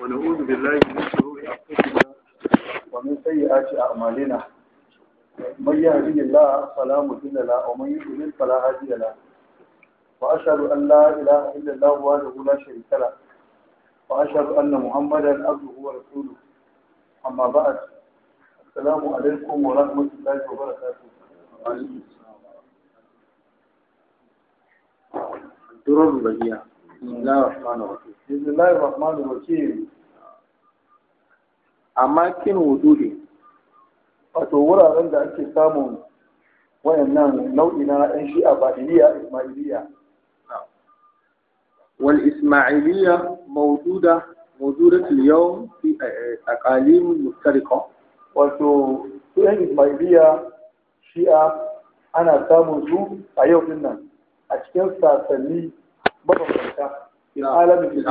ونعوذ بالله من شرور انفسنا ومن سيئات اعمالنا من يهده الله فلا مضل له ومن يضلل فلا هادي له واشهد ان لا اله الا الله وحده لا شريك له واشهد ان محمدا عبده ورسوله اما بعد السلام عليكم ورحمه الله وبركاته durar bagiya bismillahir rahmanir rahim amma kin wududi wato wuraren da ake samun wayannan nau'i na yan shi'a badiliya ismailiya wal ismailiya mawduda mawdudat al yawm fi eh, eh, aqalim mustariqa wato su yan ismailiya shi'a ana samun su a yau din nan a cikin sasanni mabambanta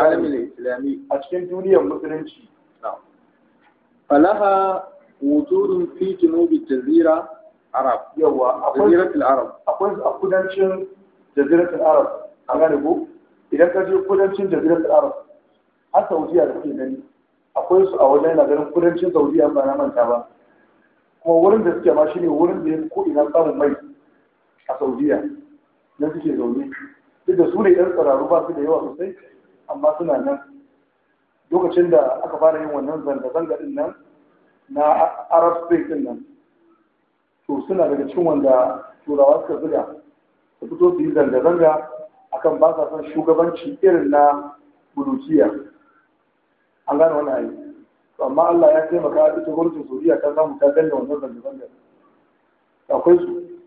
alamin islami a cikin duniyar musulunci falaha wujudun fi junubi jazira arab yawa akwai arab akwai a kudancin jaziratul arab A gane ko idan ka je kudancin jaziratul arab har saudiya da kuke gani akwai su a wajen na ganin kudancin saudiya ba na manta ba kuma wurin da suke ma shine wurin da ya ko ina samun mai a saudiya nan suke zaune duk da su ne ɗan tsararru ba su da yawa sosai amma suna nan lokacin da aka fara yin wannan zanga-zanga din nan na arab spring din nan to suna daga cikin wanda turawa suka zuga su fito su yi zanga-zanga akan ba sa son shugabanci irin na bulukiya an gane wannan ayi amma Allah ya taimaka ita gwamnatin Saudiya ta samu ta danna wannan zanga-zanga akwai su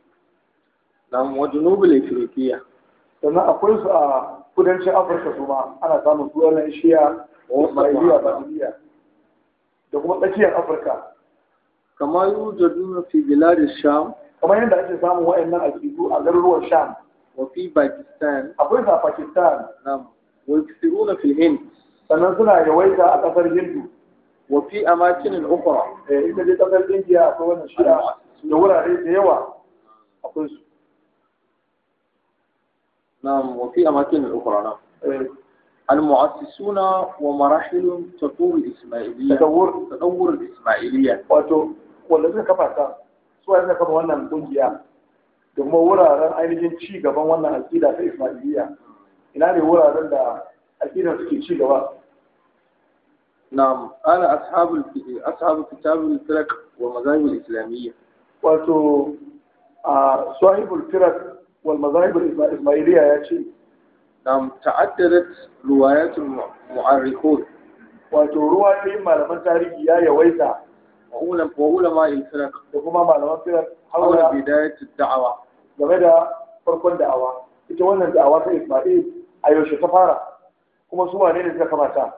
nam wa junubul ifriqiya sannan akwai su a kudancin afirka su ma ana samun su wannan ishiya maliya baliya da kuma tsakiyar afirka kama na fi bilad sham kamar yadda ake samun wa'annan aqidu a garuruwan sham wa fi pakistan akwai su a pakistan nam wa yakthiruna fil hind sannan suna yawaita a kasar hindu wa fi amakinin ukhra eh ita dai kasar india akwai wannan shi'a da wurare da yawa akwai su نعم وفي أماكن أخرى نعم المؤسسون ومراحل تطور الإسماعيلية تطور تطور الإسماعيلية واتو والذين كفاتا سواء الذين كفوا وانا مدنجيا domin wuraren ainihin ci gaban wannan alƙida ta Ismailiyya ina ne wuraren da alƙidar suke ci gaba na'am ala ashabul ashabul kitabul firak wa mazahibul islamiyya wato a sahibul firak wal mazahib al ismailiya ya ce nam ta'addadat riwayat al mu'arrikhun wato ruwayoyin malaman tarihi ya yawaita wa ulama al firaq da kuma malaman firaq hawla bidayat al da'awa game da farkon da'awa ita wannan da'awa ta ismail a yaushe ta fara kuma su wane ne suka kamata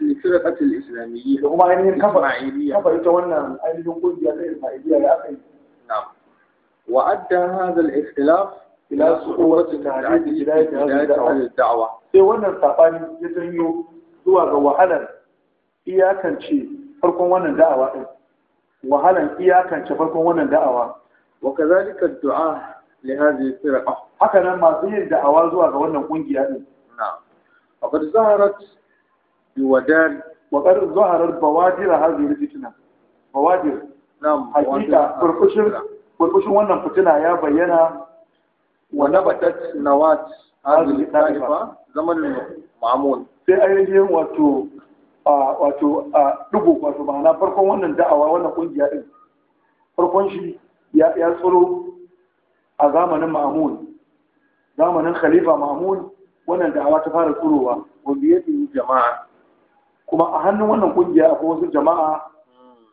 لفرقة الإسلاميين هم عينين كفر كفر يتولى عينين قد يدير ما يدير نعم وأدى هذا الاختلاف إلى صعوبة تعديل هذه الدعوة. sai wannan saɓani ya janyo zuwa ga wahalar iyakance farkon wannan da'awa ɗin wahalar iyakance farkon wannan da'awa wa kazalika du'a haka nan masu yin da'awa zuwa ga wannan kungiya ɗin na'am wa qad zaharat biwadal wa qad zaharat bawadir hadhihi fitna bawadir na'am hakika furfushin kurkushin wannan fitina ya bayyana wa na na wat hadhihi taifa zaman ma'mun sai ainihin wato wato dubu wato ma'ana farkon wannan da'awa wannan kungiya din farkon shi ya ya tsoro a zamanin ma'mun zamanin khalifa ma'mun wannan da'awa ta fara tsorowa wabiyatin jama'a kuma a hannun wannan kungiya akwai wasu jama'a hmm.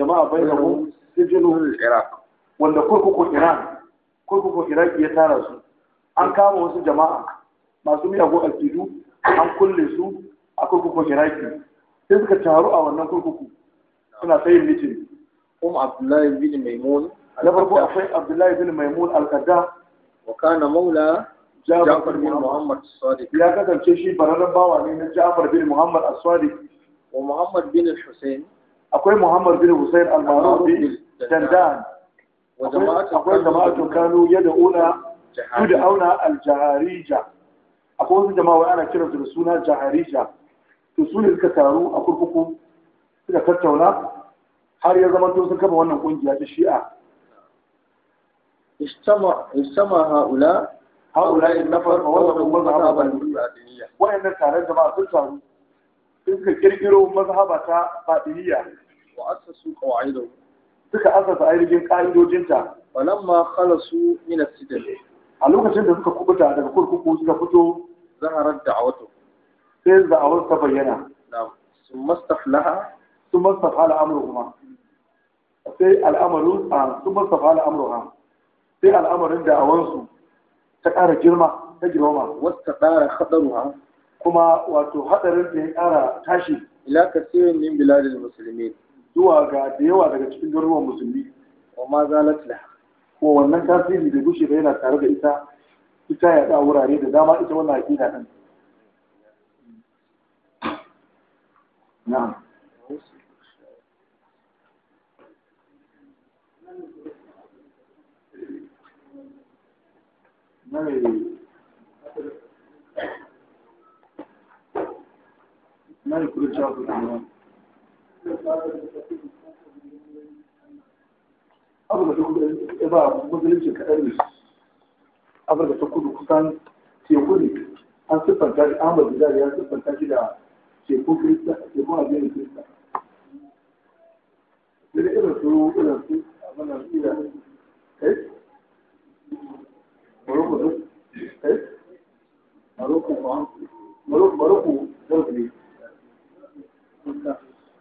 jama'a bai da mu sijinul iraq wanda kurkukun iran kurkuku iraki ya tara su an kama wasu jama'a masu miyagun alkidu an kulle su a kurkuku iraki sai suka taru a wannan kurkuku suna sayin mitin kuma abdullahi bin maimun na farko akwai abdullahi bin maimun al-qadda wa kana maula jafar bin muhammad sadiq ya kasance shi bararren bawa ne na jafar bin muhammad as-sadiq wa muhammad bin al akwai muhammad bin husayn al-maruf bin dandan akwai jama'atun kanu yadda una da auna aljaharija akwai wasu jama'a ana su da suna jaharija to su ne suka taru a kurkuku suka tattauna har ya zama sun kafa wannan kungiya ta shi'a istama haula haula in nafar wa wanda mazhaba al-batiniyya wayannan tare jama'a sun taru sun suka kirkiro mazhaba ta batiniyya wa assasu qawaidahu suka asasa ainihin ƙa'idojinta ma khalasu min as-sidr a lokacin da suka kubuta daga kurkuku suka fito zaharar da'awatu sai da'awar ta bayyana na'am sun mastaflaha sun mastafala amruhuma sai al'amarin a sun mastafala amruha sai al'amarin da'awansu ta ƙara girma ta girma wasta ƙara haɗaruwa kuma wato haɗarin ta ya ƙara tashi ila kasirin min biladil musulmi zuwa ga da yawa daga cikin garuruwan musulmi wa ma zalat la ko wannan tasiri da gushe da yana tare da ita ita ya da wurare da dama ita wannan aqida din na'am na yi kudin shafi da afirka ta kudu kusan teku ne an siffanta shi ahmad bidar ya siffanta shi da teku kirista teku addinin kirista da irin su irin su abinan iya maroko maroko maroko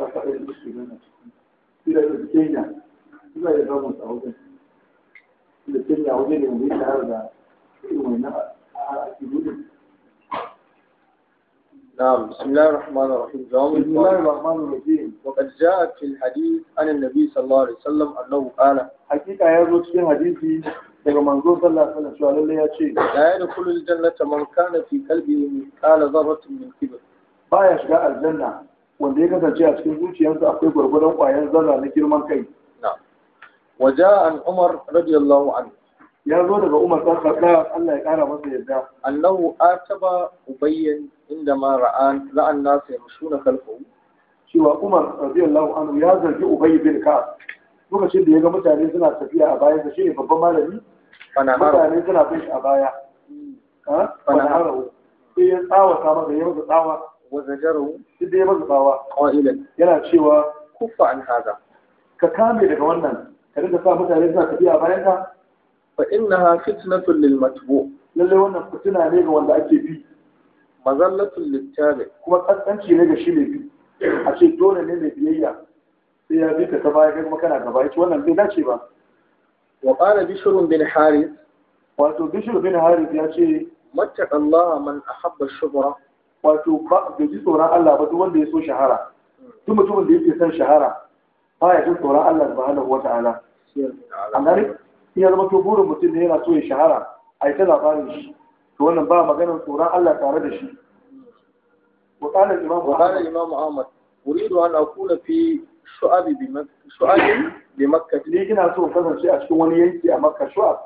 نعم بسم الله الرحمن الرحيم بسم الله الرحمن الرحيم وقد جاء في الحديث عن النبي صلى الله عليه وسلم أنه قال حقيقة يا رجل حديثي لما منظور صلى الله عليه وسلم لا يدخل الجنة من كان في قلبه قال ذرة من كبر با يشقى الجنة wanda ya kasance a cikin zuciyarsa akwai gwargwadon ƙwayar zarra na girman kai waje an umar radiyallahu an ya zo daga umar ɗan karɗa Allah ya ƙara masa yadda annahu ataba ubayyan inda ma ra'an la'an nasu yamshuna kalfahu cewa umar radiyallahu anhu ya zargi ubayy bin ka lokacin da ya ga mutane suna tafiya a baya da shi ne babban malami mutane suna bin shi a baya fanaharahu sai ya tsawata masa ya masa tsawa wa zajaru duk dai mazubawa qailan yana cewa kuffa an hada ka kame daga wannan ka dinga sa mutane suna tafiya bayan ka fa innaha fitnatun lil matbu lalle wannan fitina ne ga wanda ake bi mazallatun littabi kuma kaskanci ne ga shi ne bi a ce dole ne mai biyayya sai ya bi ka ta baya kai kuma kana gaba yace wannan bai dace ba wa qala bishrun bin harith wato bishr bin harith ya ce mattaqallaha man ahabba shubra wato ba bai ji tsoron Allah ba duk wanda ya so shahara duk mutumin da yake son shahara ba ya jin tsoron Allah subhanahu wata'ala an gane in ya zama to burin mutum ne yana so ya shahara a yi ta labarin shi to wannan ba maganar tsoron Allah tare da shi وقال الإمام وقال الإمام أحمد أريد أن أكون في شعب بمكة شعب بمكة ليه كنا سوى كذا شيء أشكو وني ينسي أمكة شعب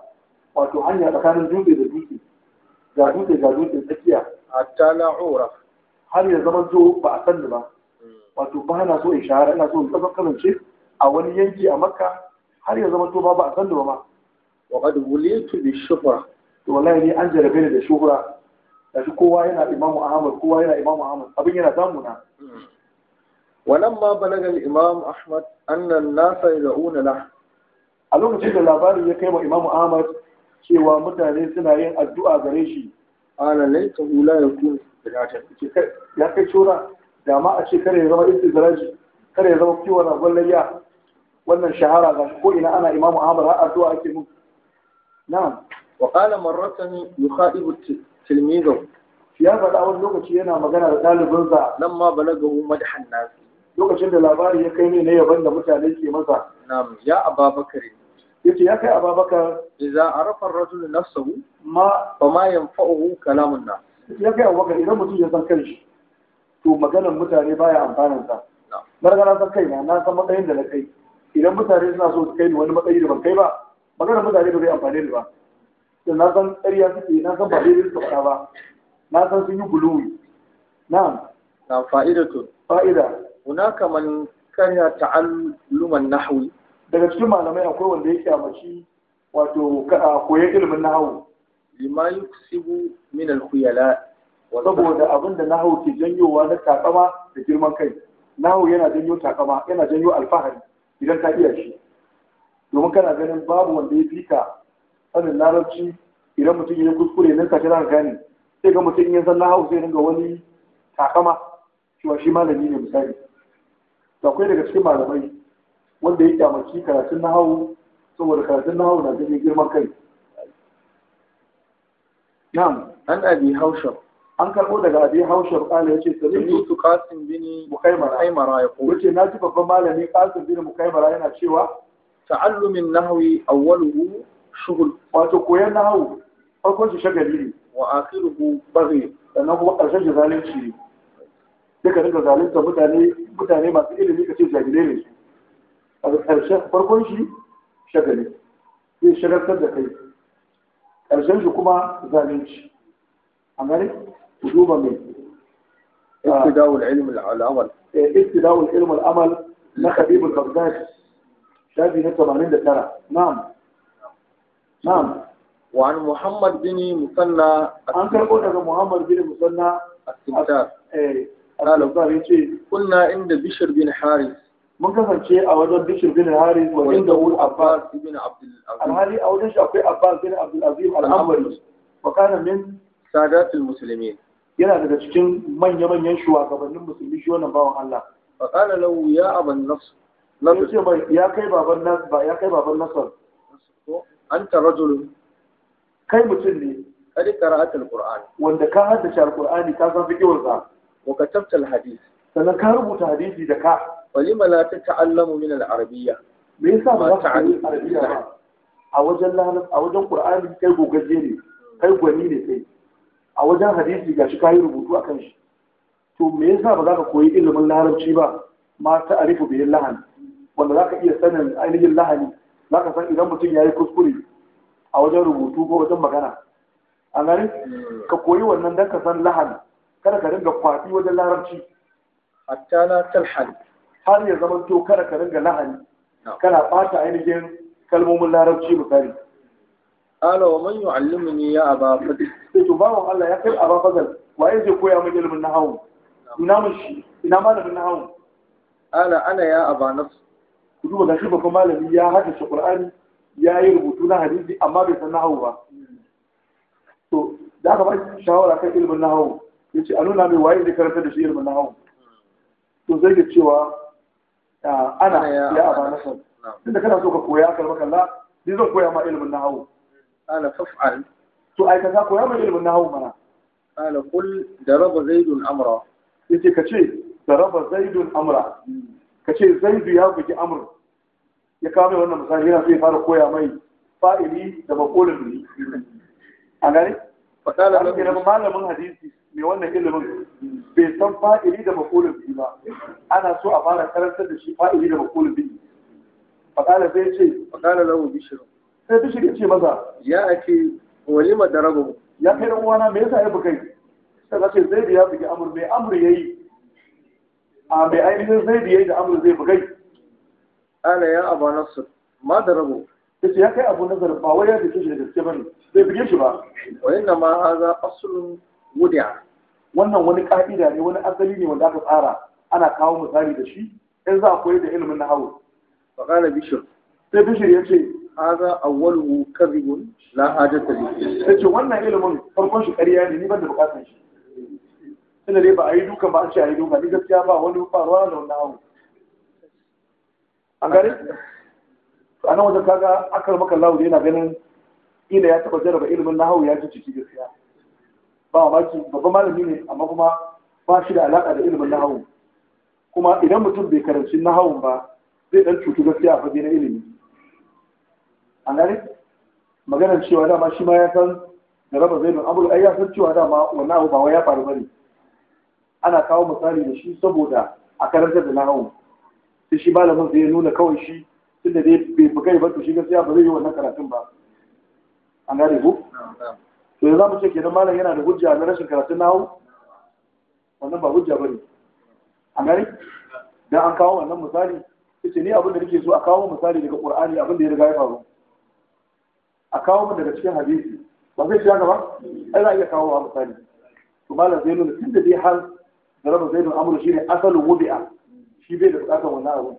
wato hanya tsakanin dutse da dutse ga dutse ga hatta la uraf har ya zama zo ba a sanni ba wato ba na so in shahara ina so in kasar kasance a wani yanki a makka har ya zama to ba ba a sanni ba ma wa qad wulitu bi shuhra to wallahi ne an jarabe ni da shuhra da shi kowa yana imamu ahmad kowa yana imamu ahmad abin yana samu na wa nan ma ولما بلغ الإمام أحمد أن الناس يدعون la a lokacin da labarin ya kai wa imamu ahmad cewa mutane suna yin addu'a gare shi ala ka hula ya kuna da ce ya kai cura da ma a ce kare ya zama zaraji kare ya zama kiwon abin layya wannan shahara ga ko ina ana imamu ahmad har addu'a ake mu na'am wa qala marratan yukhaibu tilmizahu ya faɗa wani lokaci yana magana da ɗalibinsa nan ma balagahu madhan nasi lokacin da labari ya kai ne na yaban da mutane ke masa na'am ya ne yace ya kai ababakar idza arafa ar-rajul nafsahu ma fa ma yanfa'uhu kalamun na ya kai ababakar idan mutum ya san kanshi to maganar mutane baya amfanin sa na na san kaina na san matsayin da na kai idan mutane suna so su kai ni wani matsayi da ban kai ba maganar mutane ba zai amfane ni ba to na san ƙarya suke na san ba daidai su faɗa ba na san sun yi guluwi na'am na fa'idatu fa'ida hunaka man kana ta'alluman nahwi daga cikin malamai akwai wanda ya kyamaci wato koyon ilimin nahawu lima Sibu, min al saboda abin da nahawu ke janyowa na takama da girman kai nahawu yana janyo takama yana janyo alfahari idan ka iya shi domin kana ganin babu wanda ya fika sanin larabci idan mutum ya kuskure nan ka tana gane sai ga mutum ya san nahawu sai dinga wani takama cewa shi malami ne misali akwai daga cikin malamai wanda ya kyamaci karatun hau saboda karatun hau na jirgin girman kai Nan an abi haushab an karbo daga abi haushab kala yace sami su qasim bin mukaimara mukaimara ya ko yace ji babban malami qasim bin mukaimara yana cewa ta'allumin nahwi awwaluhu shughul wato koyan nahawu farkon shi shagali ne wa akhiruhu baghi sannan kuma karshen shi zalunci ne sai ka zalunta mutane mutane masu ilimi ka ce jahilai ne su ƙarshen farkon shi shagali zai shagaltar da kai ƙarshen shi kuma zalunci a gani ku duba mai eh, ibtida'ul ilm al'amal. amal eh, ibtida'ul ilm al na Habib al-Baghdadi shafi na 89 na'am na'am وعن محمد بن مثنى عن كربون محمد بن مثنى السمتار قال قلنا عند بشر بن حارث mun kasance a wajen bishir bin hari wa inda wul abbas bin abdul alhali a wajen shi akwai abbas bin abdul azim al-amri wa kana min sadatul muslimin yana daga cikin manya-manyan shugabannin musulmi shi wannan bawan Allah fa kana lahu ya aban nasr nasr ya kai baban nasr ba ya kai baban nasr anta rajul kai mutum ne kadi qara'atul qur'an wanda ka haddace alqur'ani ka san fiqhunsa wa katabta alhadith sannan ka rubuta hadisi da ka walima la ta ta'allamu min al-arabiyya me yasa ba za ka yi arabiya ba a wajen lalas kai gogaje ne kai gwani ne kai a wajen hadisi gashi kai rubutu akan shi to me yasa ba za ka koyi ilimin larabci ba ma ta arifu bil lahan wanda za ka iya sanin ainihin lahani za ka san idan mutum ya yi kuskure a wajen rubutu ko wajen magana a gani hmm. ka koyi wannan don ka san lahani kada ka dinga kwafi wajen larabci hatta la talhan har ya zama to kada ka ringa lahani kana bata ainihin kalmomin larabci misali ala wa man yu'allimuni ya aba fadl eh, to to bawon Allah ya kai aba fadl waye zai koya min ilimin nahwu ina mun shi ina malamin nahwu ala ana ya aba nafs ku duba gashi babban malami ya shi qur'ani ya yi rubutu na hadisi amma bai san nahwu ba to da ka ba shawara kan ilimin nahwu yace a nuna mai waye zai karanta da shi ilimin nahwu hmm. to zai ga cewa Ah, ana ya aba nasar tunda kana so ka koya kar kalla, la ni zan koya ma ilimin na nahawu ala faf'al to ai ka koya ma ilimin na nahawu mana ala da raba zaidun amra yace ka ce da raba zaidun amra ka ce zaidu ya bugi amr ya kawo mai wannan misali yana ya fara koya mai fa'ili da makolin ne a gare? Fasala da malamin hadisi mai wannan ilimin bai san fa'ili da makolin biyu ba ana so a fara karantar da shi fa'ili da makolin biyu fakala zai ce fakala lahu bishir sai ta shiga ce maza ya ake walima da rabu ya kai ɗan uwana me yasa ya kai sai zace ce zai biya bugi amur mai amur yayi a mai ainihin zai biya da amur zai bugai? ala ya abu nasir ma da rabu ce ya kai abu nazar ba wai ya buke shi da gaske bane bai shi ba wa inna ma hadha aslun wudi'a wannan wani ka'ida ne wani asali ne wanda aka tsara ana kawo misali da shi in za a koyi da ilimin na fa faƙala bishr sai ya ce hadha awwaluhu kadhibun la hajata bihi sai ce wannan ilimin farkon shi ƙarya ne ni ban da buƙatar shi tunda dai ba a yi duka ba a ce a yi duka ni gaskiya ba wani faruwa da wannan hawo a gare a nan wajen kaga akal maka lawo yana ganin Ina ya taba jarraba ilimin nahawu ya ji ciki gaskiya ba mamaki babban malami ne amma kuma ba shi da alaƙa da ilimin nahawu kuma idan mutum bai karanci nahawun ba zai ɗan cutu gaskiya a fage na ilimi an gane maganar cewa dama shi ma ya san da raba zai don abu ya san cewa dama wannan abu ba wai ya faru bane ana kawo misali da shi saboda a karanta da nahawu sai shi malamin zai nuna kawai shi tunda dai bai bugai ba to shi gaskiya ba zai yi wannan karatun ba an gane ko to yanzu mu ce kenan malam yana da hujja na rashin karatun nawo wannan ba hujja ba ne. a gani don an kawo wannan misali yace ni abin da nake so a kawo misali daga ƙur'ani abin da ya riga ya faru a kawo mu daga cikin hadisi ba zai shiga ba ai za a iya kawo wa misali to malam zai nuna tun da dai har da raba zai nuna amuru shine asalin wubi'a shi bai da bukatar wannan abu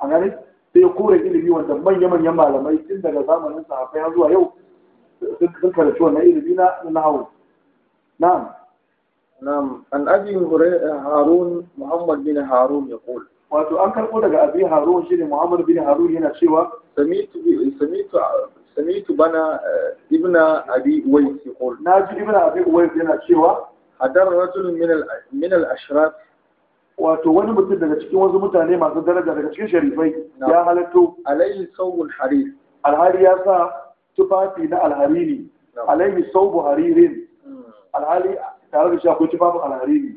a gani sai ya kore ilimi wanda manya-manyan malamai tun daga zamanin sahafai har zuwa yau sun karanci wannan ilimi na nahawu na'am na'am an abi harun muhammad bin harun ya kula wato an daga abi harun muhammad bin harun yana cewa samitu bana eh, ibna abi uwais ya kula na ji ibna abi uwais yana cewa hadar rajul min al ashraf wato wani mutum daga cikin wasu mutane masu daraja daga cikin sharifai ya halatto alayhi sawul harir alhari ya sa tufafi na alhariri alaihi sau haririn alhali tare da shakon tufafin alhariri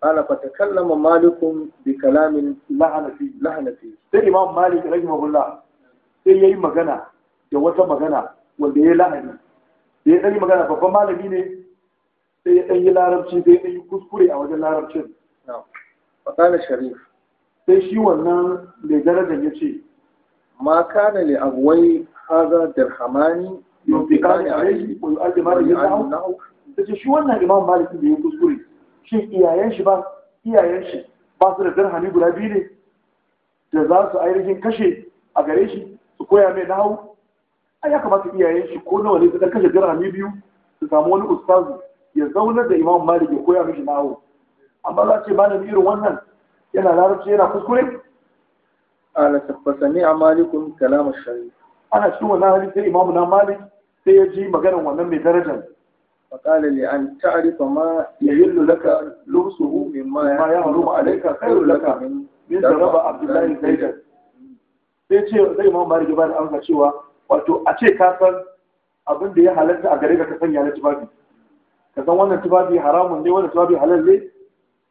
ala kallama malikun bi kalamin lahanafi lahanafi sai imam malik rahimahullah sai yayi magana da wata magana wanda ya lahani da ya yi magana babban malami ne sai ya ɗan yi larabci sai ya yi kuskure a wajen larabcin. Faƙalar Sharif. Sai shi wannan mai darajar ya ce, ما كان لأبوي هذا درهمان ينفقان ta ويؤدمان يدعو tace shi wannan imam malik da ya kuskure shi iyayen shi ba iyayen shi ba su da dirhami guda biyu ne da za su ainihin kashe a gare shi su koya mai nahu ai ya kamata iyayen shi ko nawa ne su dan kashe dirhami biyu su samu wani ustazu ya zauna da imam malik ya koya mishi nahu amma za ce ba na irin wannan yana larabci yana kuskure ala tabbata ni malikun kalam ash-shari ana shi wannan halin sai imamu na malik sai ya ji maganar wannan mai darajar فقال ya أن تعرف ما ma لك لبسه مما يحرم عليك خير لك من ضرب عبد abdullahi zaidan sai ce zai ma mari gaba da amsa cewa wato a ce ka san abin da ya halatta a gare ka ka sanya na tufafi ka san wannan tufafi haramun ne wannan tufafi halal ne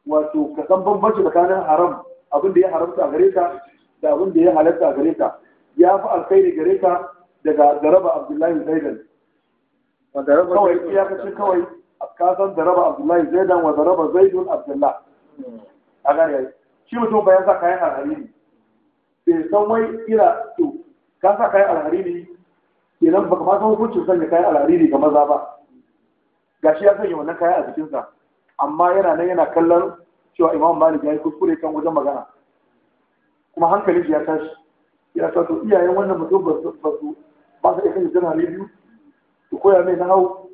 wato ka san bambanci tsakanin haram abin da ya haramta a gare ka da abin da ya halatta gare ka ya fi alkhairi gare ka daga daraba abdullahi zaidan kawai kashe kawai ka san daraba abdullahi zaidan wa daraba zaidun abdullah hmm. a gane shi mutum bayan sa kayan alhariri bai san wai ira to ka sa kayan alharini kenan ba ka san hukuncin sanya kayan alharini ga maza ba gashi ya sanya wannan kayan a jikinsa amma yana nan yana kallon cewa imam malik ya yi kuskure kan wajen magana kuma hankali ya tashi ya ta to iyayen wannan mutum ba su ba su ba su ikin jira ne biyu to koya mai na hau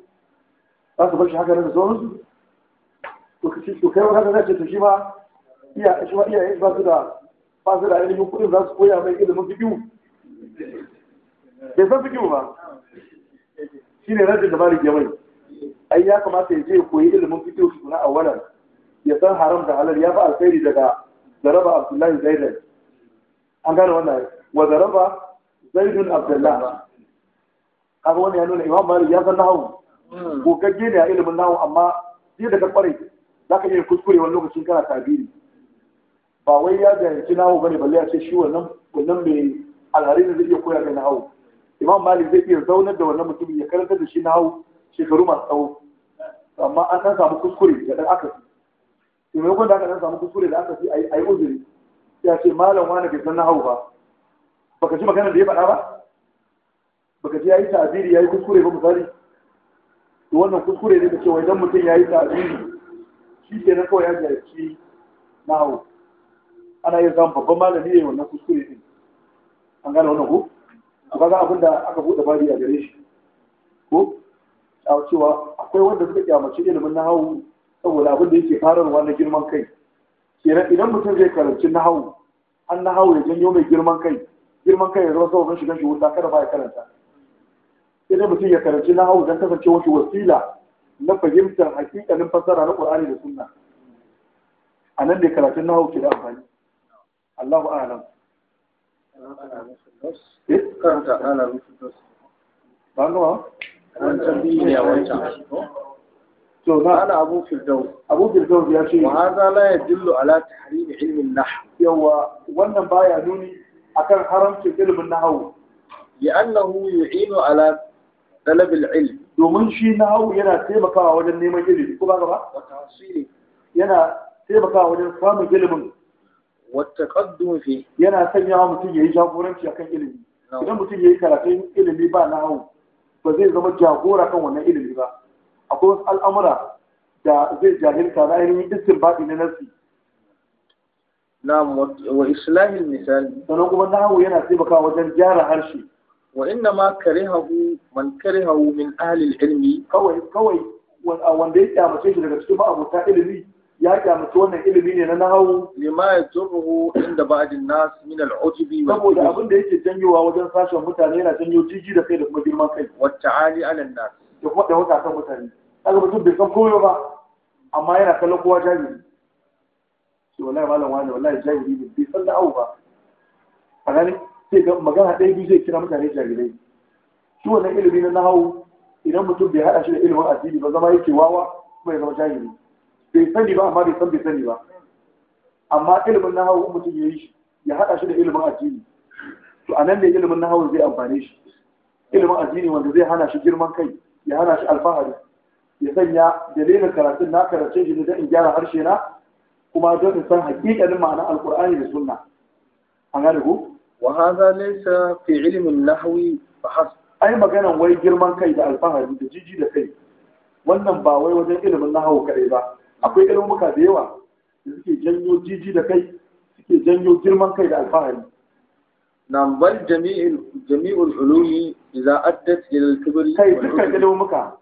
za su bar shi haka da sauransu to kace to kai haka zai ce to shi ma iya shi ma iyayen ba su da ba su da ilimin kudin za su koya mai ilimin fikihu bai san biyu ba shi ne rajin da malik ya mai ai ya kamata ya je ya koyi ilimin fikihu tukuna a wannan ya san haram da halal ya fi alkhairi daga da raba abdullahi zaidan an gane wannan wa zaraba zaidun abdullah kaga wani ya nuna imam malik ya san nahawu hmm. gogagge ne a ilimin nahawu amma sai da kware za ka iya kuskure wani lokacin kana tabiri ba wai ya jahilci nahawu bane balle ya ce shi wannan wannan mai alhari zai iya koya da nahawu imam malik zai iya zaunar da wannan mutumin ya karanta da shi nahawu shekaru masu tsawo amma an san samu kuskure da dan akasi to me da aka san samu kuskure da akasi ai uzuri ya ce malam wani bai san hau ba baka ji maganar da ya faɗa ba baka ji yayi ya yayi kuskure ba misali to wannan kuskure ne kace wai dan mutum yayi ta'abiri shi ke na kawai ya jarci hau. ana yin zan babban malami ne wannan kuskure ne an gane wannan ko a za abin da aka buɗe bari a gare shi ko a cewa akwai wanda suka kyamaci ilimin na hau saboda abin da yake farar na girman kai kenan idan mutum zai karanci na hau, an na hau ya janyo mai girman kai girman kai ya zama sababin shigan shi wuta kada ba ya karanta Idan mutum ya karanci na hau don kasance wasu wasila na fahimtar hakikalin fassara na Qur'ani da Sunna a nan ne karatun hau ke da amfani Allahu a'lam eh? karanta ana ba ne a wancan to na ana abu firdaus abu firdaus ya ce wa hadha la yadullu ala tahrim ilmi an-nahw yawa wannan baya nuni akan haramcin ilmin nahwu li'annahu yu'inu ala talab al-ilm domin shi nahwu yana taimakawa wajen neman ilimi ko ba ga ba wa tahsili yana taimakawa wajen samun ilimin wa taqaddum fi yana sanyawa mutum yayi jagoranci akan ilimi idan mutum yayi karatun ilimi ba nahwu ba zai zama jagora kan wannan ilimi ba akwai wasu al'amura da zai jahilta na ainihin baɗi na nasi na'am wa islamin misali sannan kuma nahawu yana taimakawa wajen gyara harshe wa inna ma karihahu man karihahu min ahli ilmi kawai kawai wanda ya kyamace shi daga cikin ma'abuta ilimi ya kyamace wannan ilimi ne na nahawu lima yajruhu inda ba'din nas min al'ujibi saboda abin da yake janyowa wajen sashen mutane yana janyo jiji da kai da kuma girman kai Wacce ali ala nas da kuma da wata kan mutane Daga mutum bai san koyo ba amma yana kallon kowa jahili shi wallahi malam wani wallahi jahili ne bai san da'awu ba a gani sai ga magana ɗaya biyu zai kira mutane jahilai shi wannan ilimi na nahawu idan mutum bai haɗa shi da ilimin addini ba zama yake wawa kuma ya zama jahili bai sani ba amma bai san bai sani ba amma ilimin nahawu mutum ya yi shi ya haɗa shi da ilimin addini to anan ne ilimin nahawu zai amfane shi ilimin addini wanda zai hana shi girman kai ya hana shi alfahari ya sanya dalilin karatun na karace shi ne don in gyara harshe na kuma don in san hakikanin ma'anar alkur'ani da sunna an gane ku wa hadha laysa fi ilmin nahwi has ai magana wai girman kai da alfahari da jiji da kai wannan ba wai wajen ilimin nahwu kai ba akwai ilmuka da yawa da suke janyo jiji da kai suke janyo girman kai da alfahari nan bal jami'ul jami'ul ulumi idza addat ila al-kibr kai dukkan ilmuka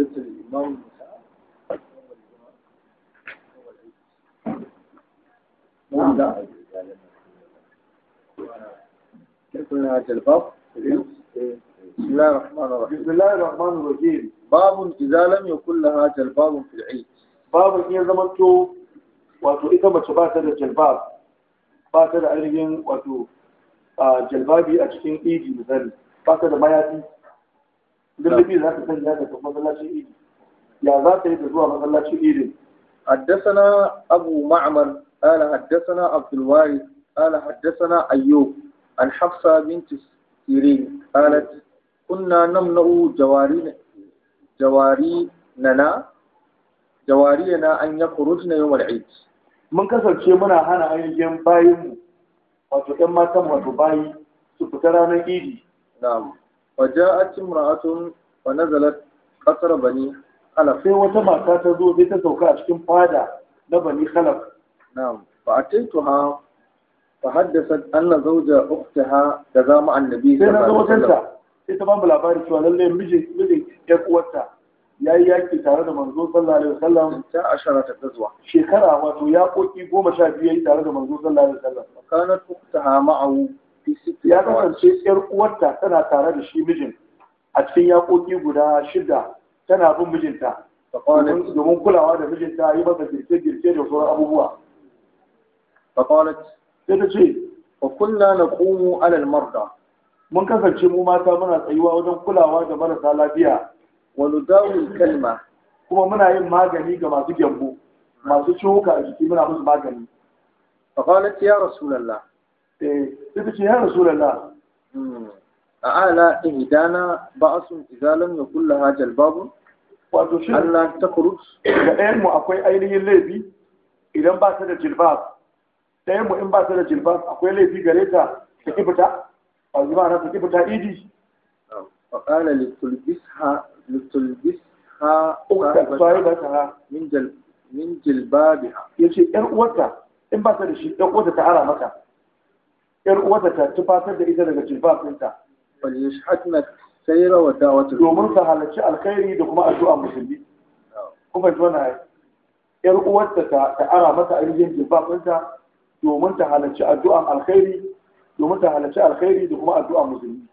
حدثت الإمام بسم الله الرحمن الرحيم باب اذا لم يكن لها جلباب في ita mace ba ta da jalbab ba ta da arigin wato ah, a cikin idi misali ba ta da mayafi dalibi za ka sanya daga masallacin idi ya za ta yi da zuwa masallacin idi حدثنا أبو معمر قال حدثنا عبد الوارث قال حدثنا أيوب عن حفصة بنت سيرين قالت كنا نمنع جوارينا جوارينا جوارينا أن يخرجن يوم العيد mun kasance muna hana ainihin bayinmu wato ɗan matan wato bayi su fita ranar idi na'am وجاءت امرأة ونزلت قصر بني خلف sai wata mata ta zo sai ta sauka a cikin fada na bani khalaf na'am fa ataituha fa haddathat anna zawja ukhtaha da zama annabi sai na zo wajenta sai ta bamu labari cewa lalle miji miji ya uwarta yayi yaki tare da manzo sallallahu alaihi wasallam ta ashara ta zuwa shekara wato ya koki goma sha biyu yayi tare da manzo sallallahu alaihi wasallam kanat ukhtaha ma'ahu ya kasance yar uwarta tana tare da shi mijin a cikin yaƙoƙi guda shida tana bin mijinta domin kulawa da mijinta yi masa girke-girke da sauran abubuwa sai ta ce wa kunna na ala alal marda mun kasance mu mata muna tsayuwa wajen kulawa da marasa lafiya Wani nudawi kalma kuma muna yin magani ga masu gyambo masu ciwuka a jiki muna musu magani kwanaki ya Rasulallah. eh sai ta ce a ala ihdana ba'sun idza lam yakul wato shi Allah ta da ɗayan mu akwai ainihin laifi idan ba ta da jilbab ɗayan mu in ba ta da jilbab akwai laifi gare ta ta kibta a zuwa na ta kibta idi فقال لتلبسها لتلبسها صاحبتها من جل من جلبابها يجي ان ta ان بس yar uwarta ta tufatar da ita daga jifafinta bal yashhadna sayra wa da'wata domin ta halarci alkhairi da kuma addu'a musulmi kuma ta wannan yar uwarta ta ta ara mata ainihin jifafinta domin ta halarci addu'a alkhairi domin ta halarci alkhairi da kuma addu'a musulmi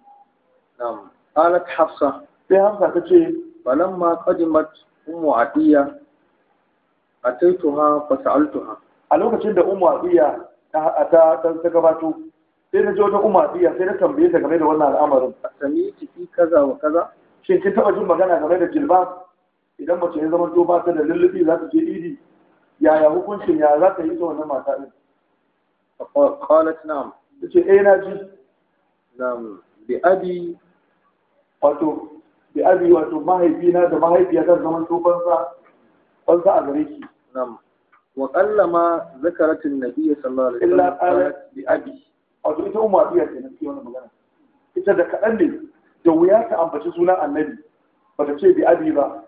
na'am qalat hafsa sai hafsa ta ce ma falamma qadimat ummu atiya ataituha fasa'altuha a lokacin da ummu atiya ta gabato sai na ji wata umariya sai na tambaye ta game da wannan al'amarin a sami ciki kaza wa kaza shin kin taba jin magana game da Jilba? idan mace ya zama to ba ta da lullubi za ta je idi yaya hukuncin ya za ta yi ta wannan mata din qalat na'am tace eh na ji na'am bi abi wato bi abi wato mahaifina da mahaifiyata zaman to ban sa a gare shi. na'am wa qallama zakaratin nabiy sallallahu alaihi wasallam illa qalat bi abi wato ita umma biya ke nan wani magana ita da kaɗan ne da wuya ta ambaci suna annabi ba ta ce bi abi ba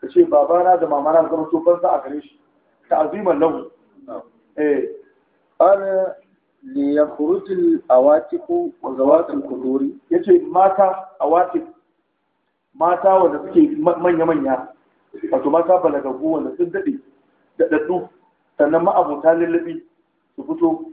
ta ce babana da mamana zama so sa a gare shi ta aziman lahu eh. ana li yakhruj al awatiqu wa zawat al ya yace mata awatiq mata wanda suke manya manya wato mata balagagu wanda sun daɗe. da daddu sannan ma'abuta lallabi su fito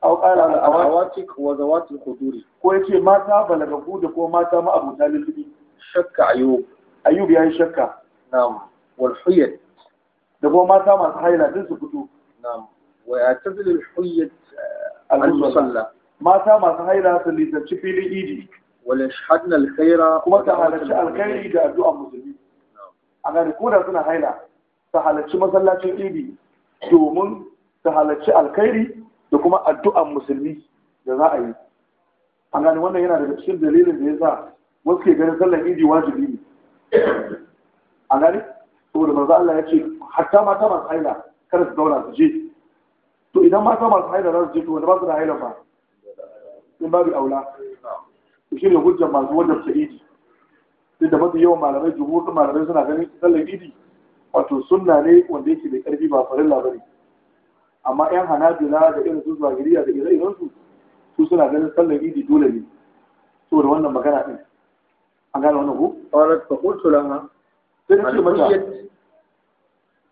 aw qala al awatik wa zawat al ko yace mata balagaku da ko mata ma abu talibi shakka ayub ayub yayi shakka na'am wal huyat da ko mata masu haila din su fito na'am wa yatazil al huyat al musalla mata masu haila su litanci filin idi wal yashhadna al khaira kuma ta halarci alkhairi da addu'a musulmi a gane ko da suna haila su halarci masallacin idi domin su halarci alkhairi da kuma addu'an musulmi da za a yi an gani wannan yana daga cikin dalilin da ya sa wasu ke ganin sallar idi wajibi ne an gani saboda manzo Allah ya ce hatta mata masu haila kada su zauna su je to idan mata masu haila za su je to wanda ba su da haila ba in babu aula to shi ne hujjar masu wajen su idi sai da mafi yawan malamai jumhur malamai suna ganin sallar idi wato sunna ne wanda yake da karfi ba farilla labari. amma yan hanabila da irin su zuwagiriya da ire-iren su suna ganin sallar idi dole ne saboda wannan magana din an gane wannan ko qalat fa qultu laha sai ce mata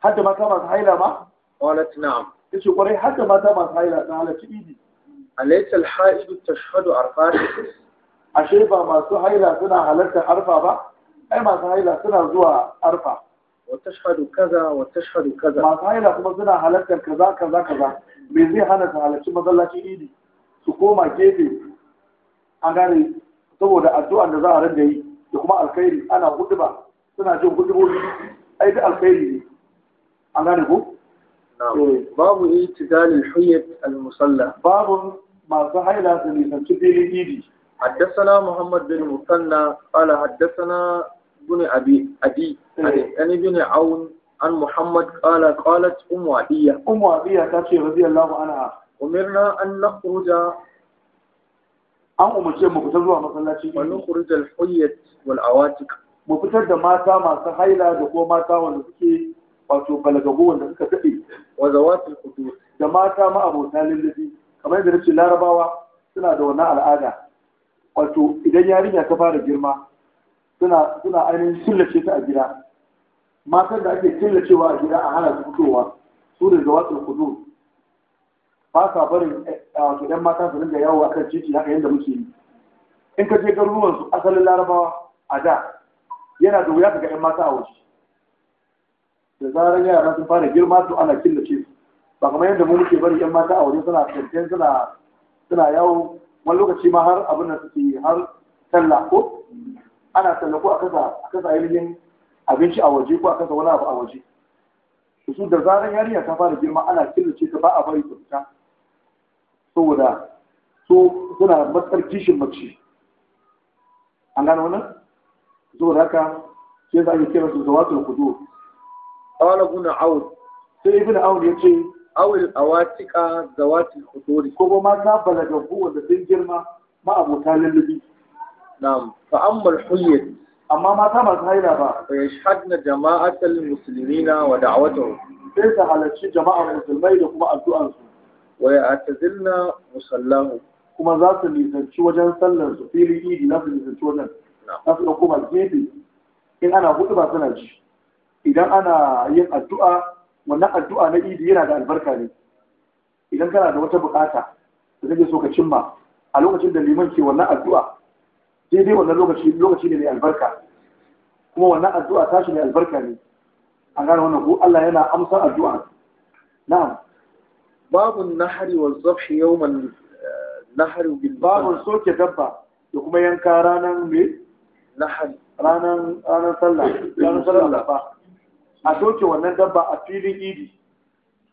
hadda mata masu haila ma qalat na'am tace kwarai hadda mata masu haila ta halarci idi alaysa al-ha'idu tashhadu arfat ashe ba masu haila suna halarta arfa ba ai masu haila suna zuwa arfa وتشهد كذا وتشهد كذا ما قايلة كما سنة حالتك كذا كذا كذا من زي حالك حالتك مظلة إيدي سكوما كيفي أغاني saboda addu'an da za a rinda yi da kuma alkhairi ana guduba suna jin gudubobi ai alkhairi ne an gane ko babu itidalil huyyat al-musalla babu masu haila su nisanci filin idi حدثنا محمد بن مثنى قال حدثنا بن أبي أدي عن ابن عون عن محمد قال قالت أم عدية أم عدية تاتي رضي الله عنها أمرنا أن نخرج أن أمرتين مكتبوا مصلاتي ونخرج الحية والعواتق mu fitar da mata masu haila da kuma mata wanda suke wato balagabu wanda suka daɗe wa zawatul qudur da mata ma abota lillabi kamar yadda nace larabawa suna da wannan al'ada wato idan yarinya ta fara girma suna suna ainihin killace ta a gida matan da ake killacewa a gida a hana su fitowa su da zawatul kudu ba sa barin eh, idan mata su dinga yawo a kan titi haka yadda muke yi in ka je garuruwan su asalin larabawa a da yana da wuya ga 'yan mata a waje da zarar yara sun fara girma to ana killace su ba kamar yadda mu muke bari 'yan mata a waje suna kantin suna suna yawo wani lokaci ma har abin da suke har talla ko ana ko a kasa a kasa ainihin abinci a waje ko a kasa wani abu a waje su da zarar yarinya ta fara girma ana killace ta ba a bari ta fita saboda so suna matsar kishin mace an gano wannan da haka sai za a yi kira su zawatul kudu qala ibn aun sai ibn aun yace awil awatika zawatul kuduri ko ma ta balaga ko wanda sun girma ma abota lullubi na'am fa ammal hulyat amma mata masu haila ba fa yashhadna jama'atal muslimina wa da'watuhum sai ta halarci jama'ar musulmai da kuma addu'ansu wa ya'tazilna musallahu kuma za su nisanci wajen sallar su filin idi za su nisanci wajen za su ɗauko ba gefe in ana hudu ba suna ci idan ana yin addu'a wannan addu'a na idi yana da albarka ne idan kana da wata bukata da kake so ka cimma a lokacin da liman ke wannan addu'a daidai wannan lokaci lokaci ne mai albarka kuma wannan addu'a tashi mai albarka ne an gane wannan ko Allah yana amsa addu'a na'am babu nahari wa zabhi yawman eh, nahari bil babu soke dabba da kuma yanka ranan me nahari ranan ranan sallah ranan sallah a soke wannan dabba a filin idi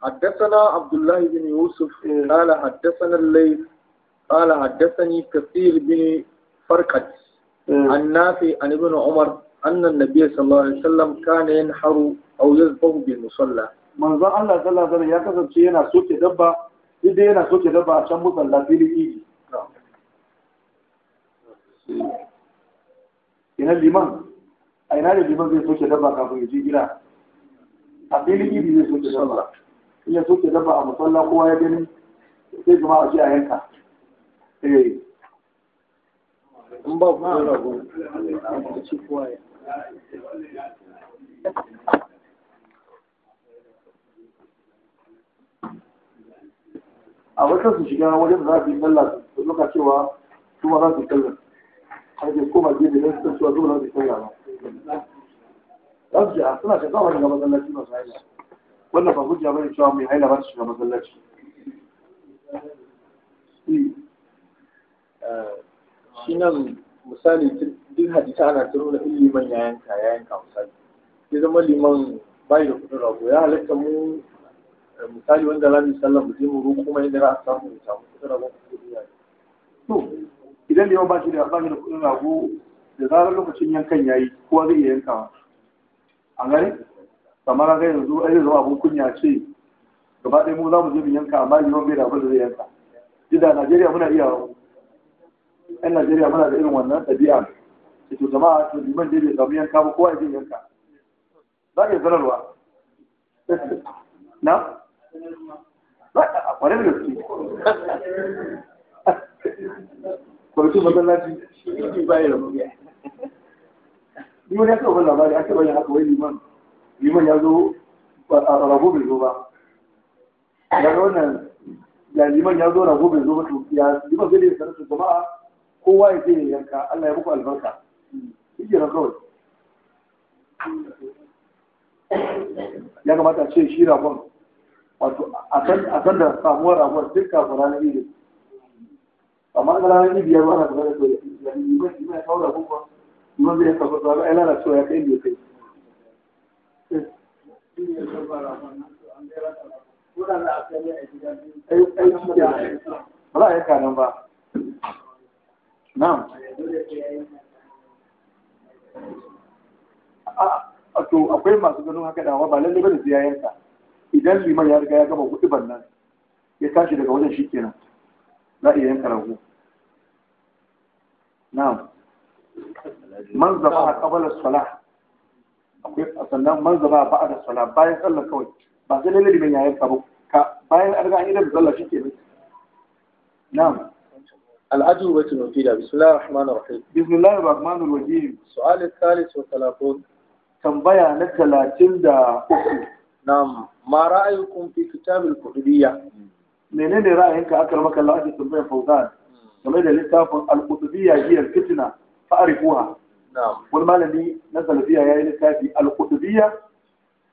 حدثنا عبد الله بن يوسف قال حدثنا الليل قال حدثني كثير بن Hmm. an nafi an ibn umar annan nabi sallallahu alaihi wasallam kana yanharu aw yazbahu bi musalla manzo Allah sallallahu alaihi wasallam ya kasance yana soke dabba idan yana soke dabba a can musalla fili idi ina liman a ina da liman zai soke dabba kafin ya je gida a fili idi zai soke dabba in ya soke dabba a musalla kowa ya gani sai jama'a ce a yanka eh in ba ku rago da ci kuwaye a wata su shiga wajen da za su yi sallah su duka cewa su ma za su sallah har ke koma gefe don su cewa su ma za su sallah ba za su ce a suna shiga wani ga masallaci masu haila wannan ba hujja bane cewa mai haila ba su shiga masallaci shi nan misali duk hadisa ana turo da in liman ya yanka ya yanka misali sai zama liman bai da kudin rago ya halitta mu eh, misali wanda za sallan yi mu je mu roƙo kuma yadda za a samu mu samu kudin rago mu je to idan liman ba shi da ba da kudin rago da zarar lokacin yankan ya yi kowa zai iya yanka ma a gare kamar gaya yanzu ai zama abin kunya ce gaba ɗaya mu za mu je mu yanka amma liman bai da abin da zai yanka. Idan Najeriya muna iya 'yan Najeriya muna da irin wannan ɗabi'a da to jama'a to liman da bai samu yanka ba kowa ya yanka za ka yi zararwa na a kwarar da gaske kwarci masallaci shi ne bayan ramuwa liman ya kawo labari aka bayan haka wai liman liman ya zo a rago bai zo ba ya ga wannan ya liman ya zo rago bai zo ba to ya liman zai da sanar jama'a kowa ya je yanka Allah ya muku albarka shi na kawai ya kamata ce shi ragon wato a san da samuwar ragon duk kafin ranar idi amma an ranar idi ya zuwa na kamar da soya ya kawo ragon ba iman zai ya kawo ragon ya lalacewa ya kai inda ya kai ba za a yanka nan ba na'am a to akwai masu ganin haka dawa ba lalle bane ya yanka idan liman ya riga ya gama kuɗi bannan ya tashi daga wajen shikenan za a iya yanka rago na'am man zaba a kabala sala akwai sannan man zaba a ba'a da sala bayan sallah kawai ba sai lalle liman ya yanka ba bayan an riga an yi da sallah shikenan kenan na'am الأجوبة المفيدة بسم الله الرحمن الرحيم بسم الله الرحمن الرحيم السؤال الثالث والثلاثون تنبيا نتلاتين دا نعم ما رأيكم في كتاب القطبية menene ra'ayinka akramaka Allah ake tambayar Fauzan game littafin al-qutubiyya hiyar fitna fa wani malami na salafiya ya yi littafi al-qutubiyya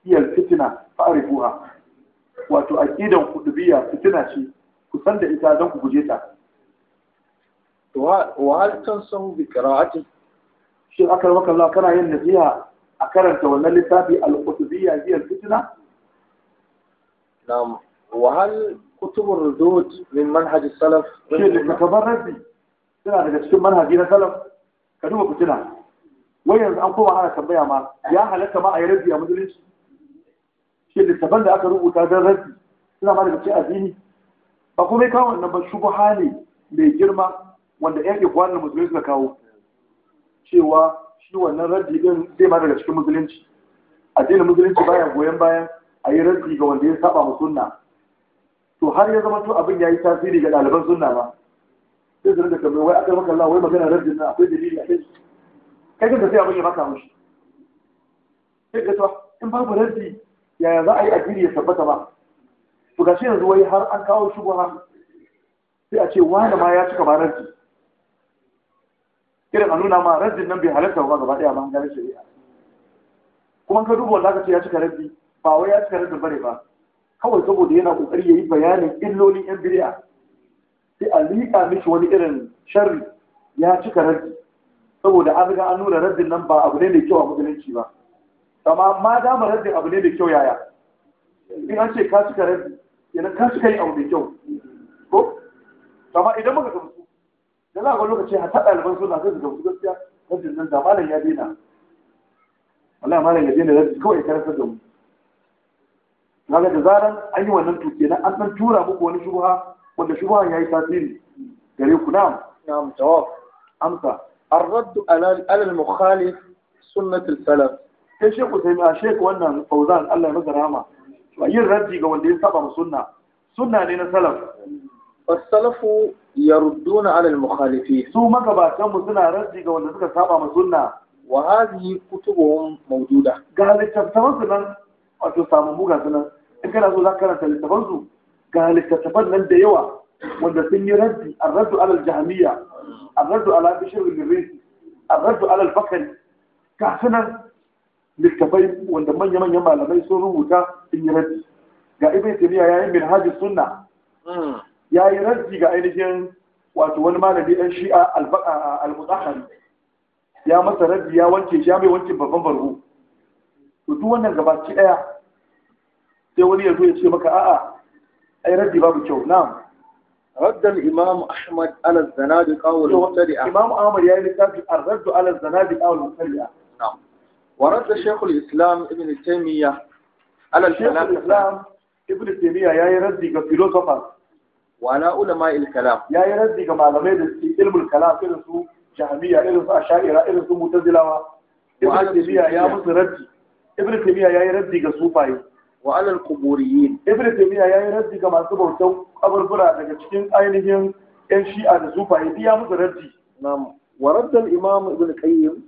hiyar fitna fa arifuha wato aqidan qutubiyya ce ku san da ita don ku guje ta وهل تنصه بقراءته شيخ أكرمك الله كان ينزيها أكرمت والملك في القطبية هي الفتنة نعم وهل كتب الردود من منهج السلف شيخ تبرد بي سنة لك شو منهجنا سلف كانوا Wai yanzu an koma ana tambaya ma ya halatta ma a yi rabbi a musulunci shi littafan da aka rubuta don rabbi suna ma daga cikin addini ba kuma kawo wannan ba ne mai girma wanda yan ikwan musulmi suka kawo cewa shi wannan raddi din zai ma daga cikin musulunci addinin musulunci baya goyon bayan a yi raddi ga wanda ya saba mu sunna to har ya zama to abin ya yi tasiri ga ɗaliban sunna ba sai da rinka mai wai akai maka Allah wai magana raddi na akwai dalili a kai kai kanka sai abin ya baka mushi sai ka to in babu raddi yaya za a yi addini ya tabbata ba to gashi yanzu wai har an kawo shubha sai a ce wani ma ya cika ba raddi irin a nuna ma rajin nan bai halatta ba gaba ɗaya ma ganin shari'a kuma ka duba wanda ka ce ya cika rabbi ba wai ya cika rabbi bare ba kawai saboda yana kokari yayi bayanin illolin yan bid'a sai a liƙa mishi wani irin sharri ya cika rabbi saboda an ga an nuna rajin nan ba abu ne mai kyau a musulunci ba amma ma mu rajin abu ne mai kyau yaya in an ce ka cika rabbi yana ka cika yi abu mai kyau ko amma idan muka gamsu da za a lokaci a taɗa alban suna sai su gamsu gaskiya rajin nan da malam ya daina wallahi malam ya daina rajin kawai karanta da mu kaga da zaran an yi wannan tuke na an san tura muku wani shubha wanda shubha ya yi tasiri gare ku na'am na'am jawab amsa الرد على على المخالف سنة السلف sai sheku sai ma sheku wannan fauzan Allah ya masa rahama yin raddi ga wanda ya saba sunna sunna ne na salaf fasalafu yarduna alal mukhalifi su magabatan mu suna raddi ga wanda suka saba ma sunna wa hadhihi kutubuhum mawjuda ga littattafan su nan wato samu buga su nan in kana so za ka karanta littattafan su ga littattafan nan da yawa wanda sun yi raddi ar-raddu alal jahmiya ar-raddu ala bishr al-risi ar-raddu alal bakari ga su nan littattafai wanda manya-manyan malamai sun rubuta sun yi raddi ga ibn taymiya yayin minhajus sunna hmm. ya yi raddi ga ainihin wato wani malami dan shi'a al-mutahhari ya masa raddi ya wanke shi ya mai wankin babban bargo to duk wannan gabaki daya sai wani ya zo ya ce maka a'a ai raddi babu kyau na'am رد الإمام أحمد على الزنادقة والمبتدئة الإمام أحمد يعني كتاب الرد على الزنادقة والمبتدئة نعم ورد شيخ الإسلام ابن تيمية Islam Ibn الإسلام ya yi يعني ga كفيلوسوفر wala ulama il kalam ya yi raddi ga malamai da suke ilmul kalam irin su jami'a irin su asha'ira irin su mutazilawa ibn taymiya ya musu raddi ibn taymiya ya yi raddi ga sufaye wa alal quburiyin ibn taymiya ya yi raddi ga masu bautan kaburbura daga cikin ainihin yan shi'a da sufaye ya musu raddi na'am wa radda imam ibn qayyim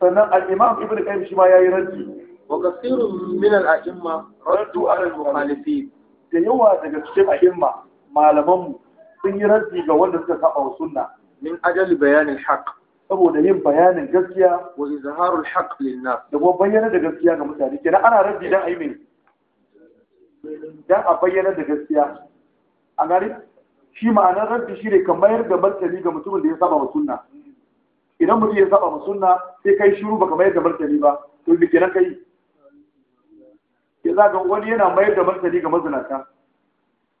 sannan al-imam ibn qayyim shi ma ya yi raddi wa kasirun min al-a'imma raddu ala al-mukhalifin da yawa daga cikin a'imma malamanmu sun yi raddi ga wanda suka saba wa sunna min ajali bayanin haqq saboda yin bayanin gaskiya wa izharul haqq lin nas da kuma bayyana da gaskiya ga mutane kenan ana raddi dan ayi mini. dan a bayyana da gaskiya a gari shi ma'anar raddi shi ne kan bayar da martani ga mutumin da ya saba wa sunna idan mutum ya saba wa sunna sai kai shiru baka mayar da martani ba to bi kenan kai ya zaga wani yana mayar da martani ga mazinata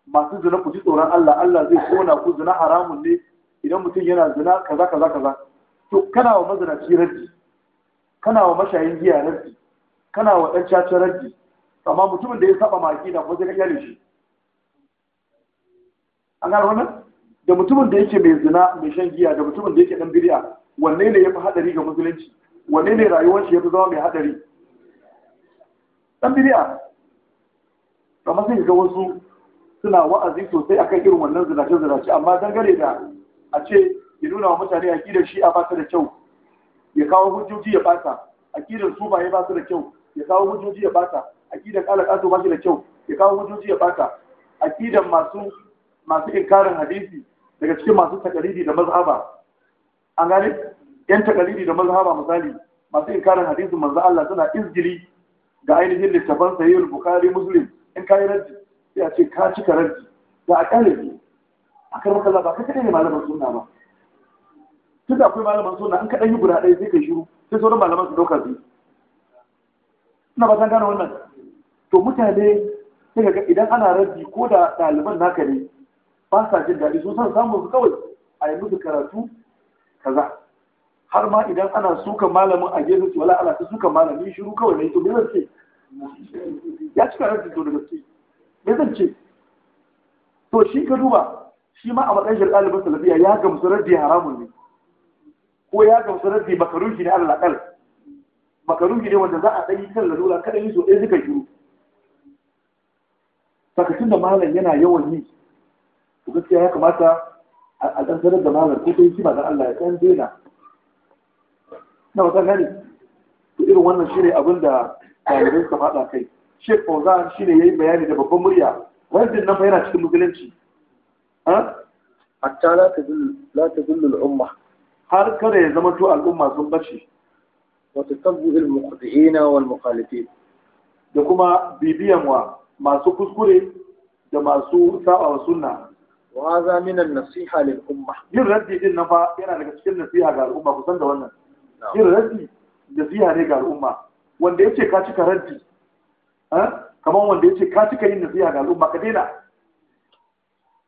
masu zina ku ji tsoron Allah Allah zai kona ku zina haramun ne idan mutum yana zina kaza kaza kaza to kana wa mazinaci raddi kana wa mashayin giya raddi kana wa dan caca raddi amma mutumin da ya saba maki da ko sai ka kyale shi an gano wannan da mutumin da yake mai zina mai shan giya da mutumin da yake dan bid'a wanne ne yafi hadari ga musulunci wanne ne rayuwar shi yafi zama mai hadari dan bid'a amma sai ga wasu suna wa'azi sosai a kan irin wannan zinace-zinace amma dangane da a ce ya nuna wa mutane akidar shi a ba da kyau ya kawo hujjoji ya bata akidar su ba ya basu da kyau ya kawo hujjoji ya bata akidar kala kato ba shi da kyau ya kawo hujjoji ya bata akidar masu masu inkarin hadisi daga cikin masu takaridi da mazhaba an gane yan takaridi da mazhaba misali masu inkarin hadisi manzo Allah suna izgili ga ainihin littafan sahihul bukhari muslim in kai raddi ya ce ka cika raddi da a ƙalibi a kan kaza ba ka kaɗai ne malaman suna ba tun da akwai malaman suna an kaɗan yi guda ɗaya sai kai shiru sai sauran malaman su ɗauka su ina ba san gane wannan to mutane sai ga idan ana raddi ko da ɗaliban naka ne ba sa jin daɗi sun san samun su kawai a yi musu karatu kaza har ma idan ana suka malamin a gefe su wala ana ta suka malamin shiru kawai ne to me zan ce ya cika raddi to da gaske ya zance ce to shi ka duba shi ma a matsayin shi ɗalibin salafiya ya gamsu raddi haramun ne ko ya gamsu raddi makaruhi ne allah ƙal makaruhi ne wanda za a ɗanyi kan lalura kaɗan yi so ɗaya suka shiru sakacin da malam yana yawan yi to gaskiya ya kamata a ɗan sanar da malam ko ta yi kima da allah ya ɗan daina na wata gani to irin wannan shi ne abin da ɗalibai suka faɗa kai Sheikh Fauzan shi ne ya yi bayani da babban murya wajin nan fa yana cikin musulunci hatta la ta zullu al'umma har kada ya zama to al'umma sun bace wa tasabbu al muqti'ina wal mukhalifin da kuma bibiyan wa masu kuskure da masu sa'a sunna wa haza min nasiha lil umma yin raddi din nan fa yana daga cikin nasiha ga al'umma kusan da wannan yin raddi nasiha ne ga al'umma wanda yace ka cika raddi Eh? kamar wanda ya ce ka cika yin nasiha ga al'umma ka daina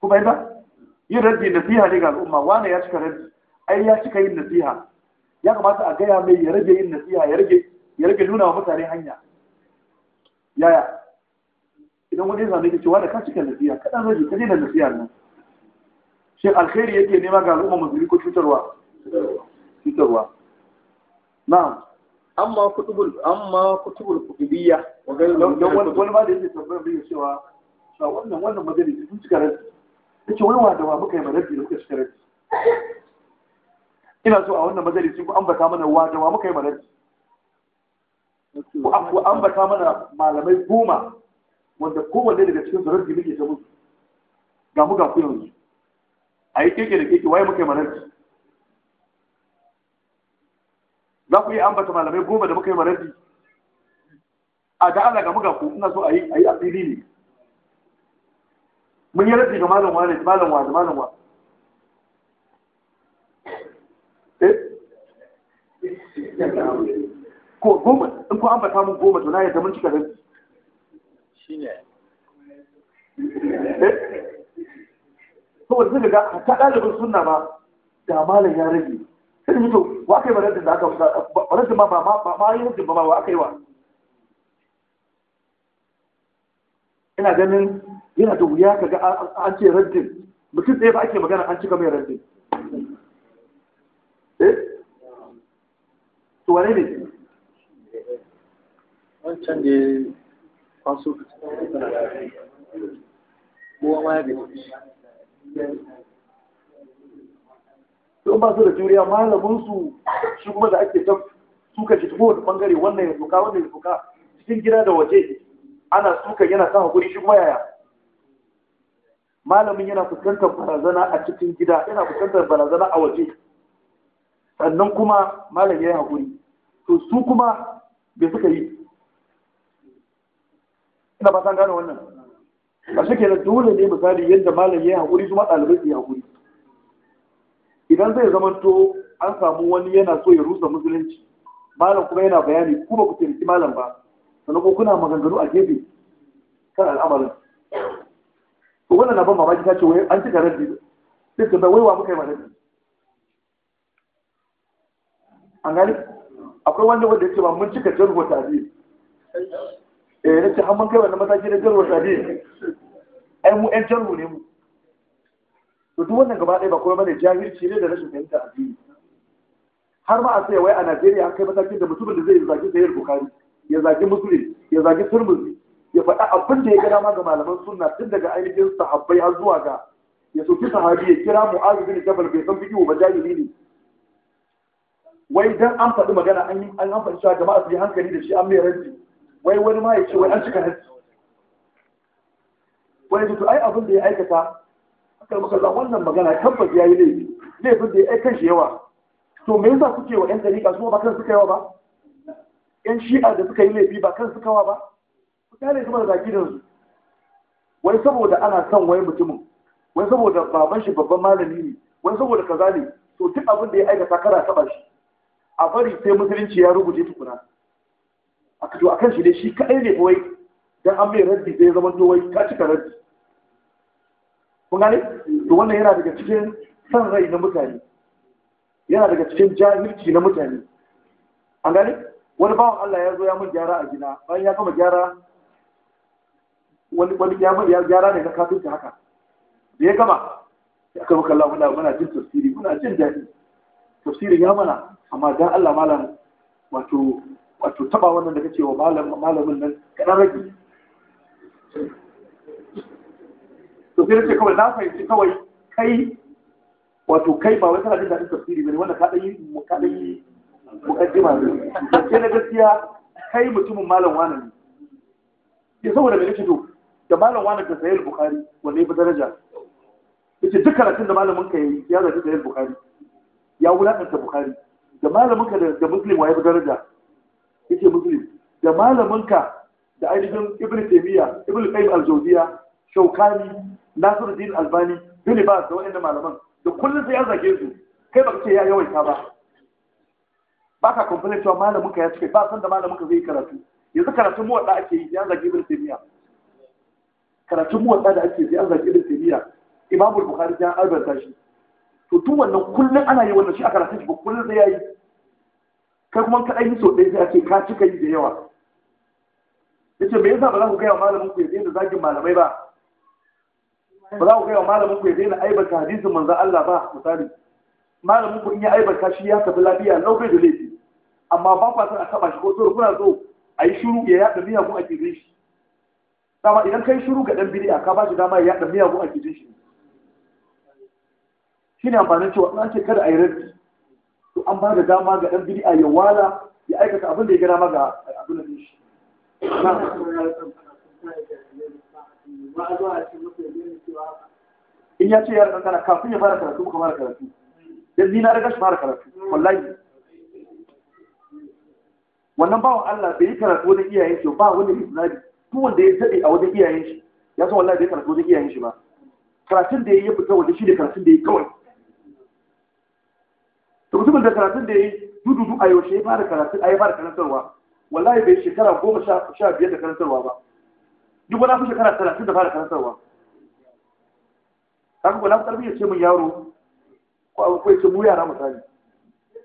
yi ba, yin raddi nasiha ne ga al'umma wane ya cika raddi ai ya cika yin nasiha ya kamata a gaya mai ya rage yin nasiha ya rage ya rage nuna wa mutane hanya yaya idan wani zane ke cewa da ka cika nasiha ka dan rage ka daina nasiha nan shi alkhairi yake nema ga al'umma musulmi ko cutarwa cutarwa na'am amma kutubul amma kutubul kutubiyya wa gairu wani wani ma da yake tambayar bai cewa a wannan wannan majalisi sun cika rabi yace wai wa da muka yi madadi da kuka cika rabi ina so a wannan majalisi ku ambata mana wa wa muka yi madadi ku ambata mana malamai goma wanda kowanne daga cikin zarar da muke ta musu ga mu ga ku yanzu a yi keke da keke waye muka yi madadi za ku iya ambata malamai goma da muka yi maradi a da Allah ga muka ku ina so a yi a fili ne mun yi rabi ga malam ne, malam da malam wani eh? ko goma in ku ambata mun goma to na yadda mun cika rabi shine eh? saboda zai ga ta ɗalibin sunna ma da malam ya rage sai to wa kai baradin da aka baradin ma ba ma yi hujjin ba ma wa kai wa ina ganin yana da wuya an ce mutum ɗaya ba ake magana an cika mai raddin eh to wane ne wancan da kwaso kowa ma ya don ba su da juriya malamin su shi kuma da ake ta suka shi tuko wani bangare wannan ya suka wannan ya suka cikin gida da waje ana suka yana sa hakuri shi kuma yaya malamin yana fuskantar barazana a cikin gida yana fuskantar barazana a waje sannan kuma malamin ya yi hakuri to su kuma bai suka yi ina ba san gane wannan ba shi kenan dole ne misali yadda malamin ya yi hakuri su ma ɗalibai su yi hakuri idan zai zamanto an samu wani yana so ya rusa musulunci malam kuma yana bayani ku ba ku taimaki malam ba sannan ko kuna maganganu a gefe kan al'amarin to wannan na ban mamaki ta ce wai an cika raddi sai ka wai wa muka yi madadi an gani akwai wanda wanda ya ce ba mun cika jarwa tabi eh na ce har mun kai wannan mataki na jarwa tabi ai mu ƴan jarwa ne mu to duk wannan gaba ɗaya ba kuma bane jahilci ne da rashin fahimta addini har ma a sai wai a Najeriya an kai matakin da mutumin da zai zagi sayyid Bukhari ya zagi Muslim ya zagi Tirmidhi ya faɗa abin da ya gada ma ga malaman sunna tun daga ainihin sahabbai har zuwa ga ya soki sahabi ya kira Mu'adh bin Jabal bai san fiqh ba jahili ne wai dan an faɗi magana an yi an faɗi cewa jama'a su yi hankali da shi an mai ranci wai wani ma ya ce wai an cika hanci wani to ai abin da ya aikata sai muka zan wannan magana tabbas ya yi laifi laifin da ya aikan shi yawa to me yasa kuke wa 'yan tarika su ba kan suka yawa ba 'yan shi'a da suka yi laifi ba kan suka yawa ba ku kyale su da zaki su wai saboda ana son wai mutumin wai saboda baban shi babban malami ne wai saboda kaza ne to duk abin da ya aikata kara taba shi a bari sai musulunci ya rubuce tukuna a to akan shi dai shi kaɗai ne wai dan an mai raddi zai zama to wai ka cika raddi kun gane to wannan yana daga cikin san rai na mutane yana daga cikin jahilci na mutane an gane wani bawan Allah ya zo ya mun gyara a gina bayan ya gama gyara wani wani ya mun gyara ne na kafinta haka da ya gama ya kama kallon Allah muna muna jin tafsiri muna jin daɗi tafsirin ya mana amma dan Allah malam wato wato taba wannan da kace wa malamin nan kana rage to sai ce kawai na fahimci kawai kai wato kai ba wai kana jin daɗin tafsiri bane wanda ka ɗan yi ka ɗan yi mukaddima ne sai na gaskiya kai mutumin malam wani ne ya saboda me nake to da malam wani da sayar bukhari wanda ya fi daraja Ya ce duk karatun da malamin ka yi ya zaci sayar bukhari ya wulakanta bukhari da malamin ka da muslim wa ya fi daraja ya yace muslim da malamin ka da ainihin ibn taymiya ibn qayyim al-jawziya shaukani nasiruddin albani yuni ba da wa'annan malaman da kullum sai ya zage su kai baka ce ya yawaita ba ba ka complain cewa malamin ka ya cika ba san da malamin ka zai yi karatu yanzu karatun muwadda ake yi ya zage ibn taymiya karatun muwadda da ake yi ya zage ibn taymiya imamu bukhari ya albarta shi to tun wannan kullum ana yi wannan shi a karatun shi ba kullum sai ya yi kai kuma kaɗai yi sau ɗaya sai ake ka cika yi da yawa yace me yasa ba za ku gaya malamin ku ya daina zagin malamai ba ba za ku kai wa malamin ku ya daina aibata hadisin manzan Allah ba misali malamin ku in ya aibata shi ya tafi lafiya lau bai da laifi amma ba fa san a taba shi ko to kuna so a yi shiru ya yaɗa miyagun a kirgin shi dama idan kai shiru ga dan bidiya ka ba shi dama ya yaɗa miyagun a kirgin shi shi ne amfanin cewa in an ce kada a yi rabbi to an ba da dama ga dan bidiya ya wala ya aikata abin da ya gana ma ga abin da shi. ba a zuwa ce masa yanzu cewa in ya ce ya rika kana kafin ya fara karatu muka fara karatu dan ni na riga shi fara karatu wallahi wannan bawan Allah bai yi karatu wajen iyayen shi ba wanda ya tunani duk wanda ya dade a wajen iyayen shi ya san wallahi bai karatu wajen iyayen shi ba karatun da ya yi fita waje shi ne karatun da ya yi kawai to mutumin da karatun da ya yi dududu a yaushe ya fara karatu a ya fara karantarwa wallahi bai shekara goma sha biyar da karantarwa ba ni ba na fi shekara talatin da fara karantarwa kaga ba na fi ya ce min yaro ko ko ya ce mu yara misali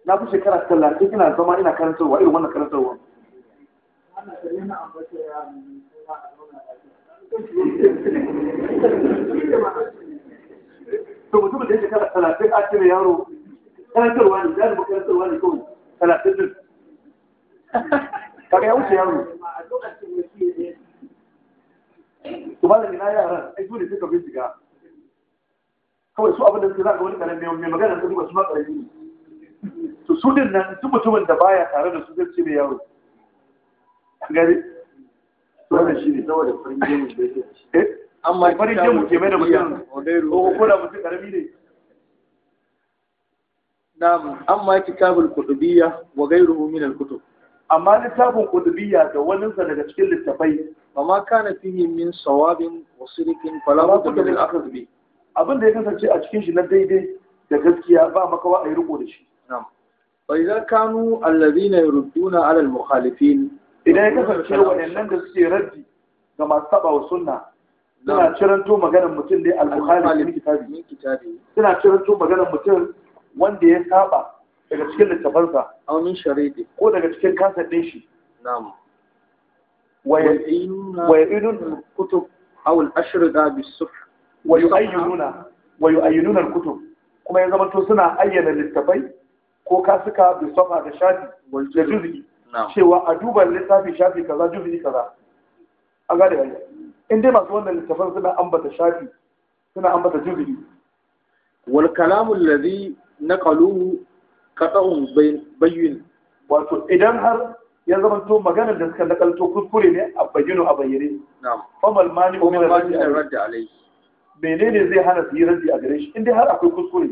na fi shekara talatin ina zama ina karantarwa irin wannan karantarwa to mutum da ya shekara talatin a cire yaro karantarwa ne jari makarantarwa ne kawai talatin din kaga ya wuce yaro to malam ina yaran ai dole sai ka bincika kawai su abin da suke zaka wani karen mai magana su duba su ma ne to su din nan su mutumin da baya tare da su zai ce mai yawon. gari wannan shi ne saboda farin jemu da yake eh amma farin jemu ke mai da mutum ko kuna mutum karami ne na'am amma kitabul qutubiyya wa ghayruhu min al-kutub amma littafin kudubiya da wani sa daga cikin littafai ma kana fihi min sawabin wa falawa fala budda min al-akhd Abinda abin da ya kasance a cikin shi na daidai da gaskiya ba makawa a yi riko da shi na'am fa idza kanu alladhina yurduna ala alal mukhalifin idan ya kasance waɗannan da suke raddi ga masu saba wa sunna suna ciranto maganar mutum ne al-mukhalifin kitabi suna ciranto maganar mutum wanda ya saba daga cikin littafansa aw sharidi ko daga cikin kasar din shi na'am wa yu'inun kutub aw al-ashrida bi sufh wa yu'ayyinuna wa yu'ayyinuna al-kutub kuma ya zama to suna ayyana littafai ko kasuka bisafa da shafi da juzi cewa a duba littafi shafi kaza juzi kaza a ga da in dai masu wannan littafan suna ambata shafi suna ambata juzi wal kalamu allazi naqaluhu kaɗa'un bayyin wato idan har ya zamanto maganar da suka nakalto kuskure ne a bayyano a bayyane famal mani umar mani an radda alai menene zai hana su yi raddi a gare shi inda har akwai kuskure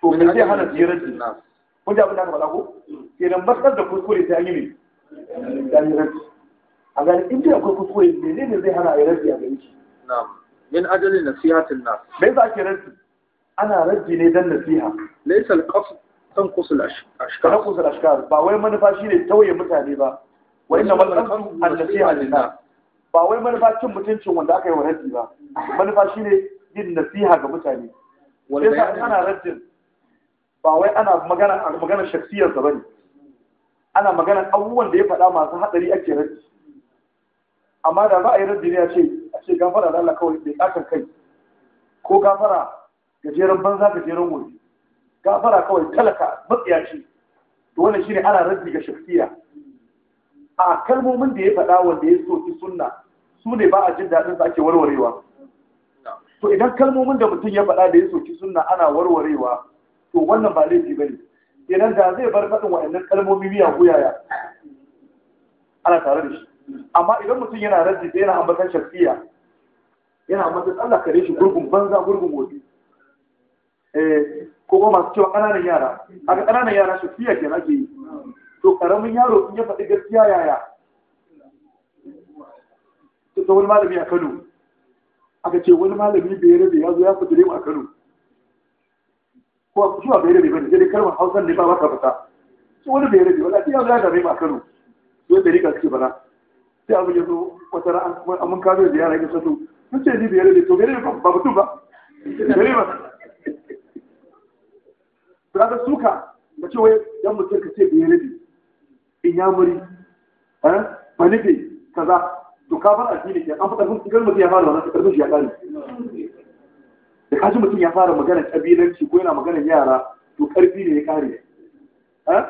to me zai hana su yi raddi kun ji abin da aka faɗa ko kenan matsar da kuskure ta yi ne ta yi raddi a gani inda akwai kuskure menene zai hana a yi raddi a gare shi min ajali nasihatin nas me yasa ake raddi ana raddi ne dan nasiha laysa al-qasd tanqusul ashkar tanqusul ashkar ba wai manufa mutane ba ba wai manufa mutuncin wanda aka yi wa raddi ba manufa yin nasiha ga mutane wanda yasa ana ba wai ana magana ana abubuwan da ya faɗa masu hadari ake amma da za yi ne a ce a kai ko gafara gajeren banza gajeren wuri gafara kawai talaka ce. to wannan shine ana rabbi ga shafiya a kalmomin da ya faɗa wanda ya soki sunna su ne ba a jin daɗin sa ake warwarewa to idan kalmomin da mutum ya faɗa da ya soki sunna ana warwarewa to wannan ba laifi bane idan da zai bar faɗin waɗannan kalmomi miya guyaya ana tare da shi amma idan mutum yana rabbi sai yana ambatan shafiya yana ambatan Allah kare shi gurgun banza gurgun wofi eh, ko kuma masu cewa ƙananan yara a ga ƙananan yara shafiya ke ake yi to ƙaramin yaro in ya faɗi gaskiya yaya ta wani malami a kano aka ce wani malami bai rabe ya zo ya fi mu a kano ko a zuwa bai rabe bane dai kalmar hausa ne ba baka fita wani bai rabe wala ya za ka mu a kano zo da rika suke bana sai abin ya zo wata ran an mun kawo ziyara ya sato sun ce ni bai rabe to bai rabe ba mutum ba bai rabe to suka da ce wai dan mutum ka ce bai rabi in ya muri eh banibe kaza to ka fara addini ke an fada kun kigar mutum ya fara wannan karfin shi ya kare da kaji mutum ya fara magana kabilanci ko yana magana yara to karfi ne ya kare eh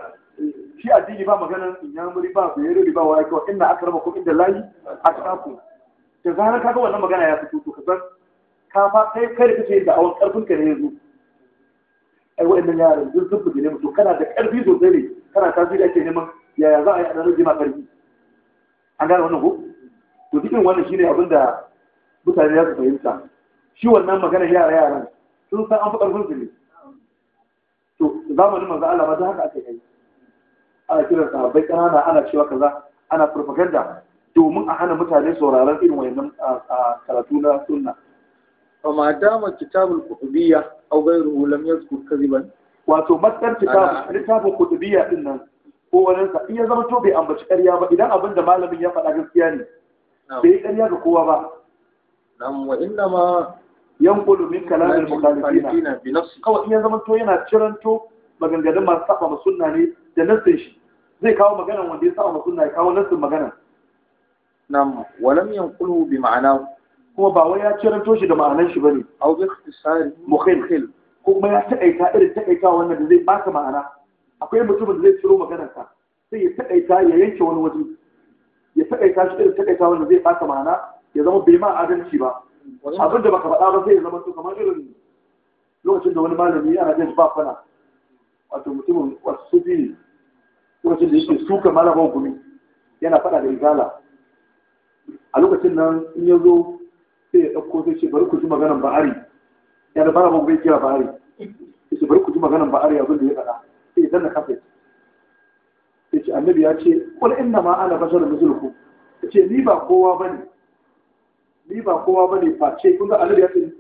shi addini ba magana in ya muri ba bai rabi ba wai kawai inna ko inda lahi atqakum da zarar kaga wannan magana ya fito to ka san ka fa kai kai kace da awon karfin ka ne yanzu ai wa'annan yaran duk sun fitine mutum kana da ƙarfi sosai ne kana tasiri ake neman yaya za a yi a ɗan jima'a ƙarfi an gane wannan ko to cikin wannan shine abin da mutane za su fahimta shi wannan magana yara yaran sun san an fi ƙarfin su ne to zamanin manzo Allah ba da haka ake kai ana kiran sahabbai ƙanana ana cewa kaza ana propaganda domin a hana mutane sauraron irin wayannan karatu na sunna fama dama kitabul qutubiyya aw ghayruhu lam yazkur kadiban wato matsar kitab littafin qutubiyya din nan ko wannan sa iya zama to bai ambaci ƙarya ba idan abin da malamin ya faɗa gaskiya ne bai ƙarya ga kowa ba nam wa inna ma yanqulu min kalamil mukhalifina bi kawai iya zama to yana ciranto maganganun masu saba ma sunna ne da nassin shi zai kawo maganan wanda ya saba ma sunna ya kawo nassin maganan nam wa lam yanqulu bi ma'ana. kuma ba wai ya ciranto shi da ma'anar shi bane au bi ikhtisari mukhil kuma ya taƙaita irin taƙaita wannan da zai baka ma'ana akwai mutumin da zai ciro maganar sa sai ya taƙaita ya yanke wani waje ya taƙaita shi irin taƙaita wanda zai baka ma'ana ya zama bai ma adalci ba abin da baka faɗa ba sai ya zama to kamar irin lokacin da wani malami ana jin ba fana wato mutumin wasu sufi lokacin da yake suka malaman gumi yana faɗa da izala a lokacin nan in ya zo sai ya ɗauko sai ce bari ku ji maganan ba'ari ya da bara ba bai kira ba'ari sai ce bari ku ji maganan ba'ari abin da ya faɗa sai ya danna kafe sai ce annabi ya ce kul inna ma ana basharun mithlukum ya ce ni ba kowa bane ni ba kowa bane face kun ga annabi ya ce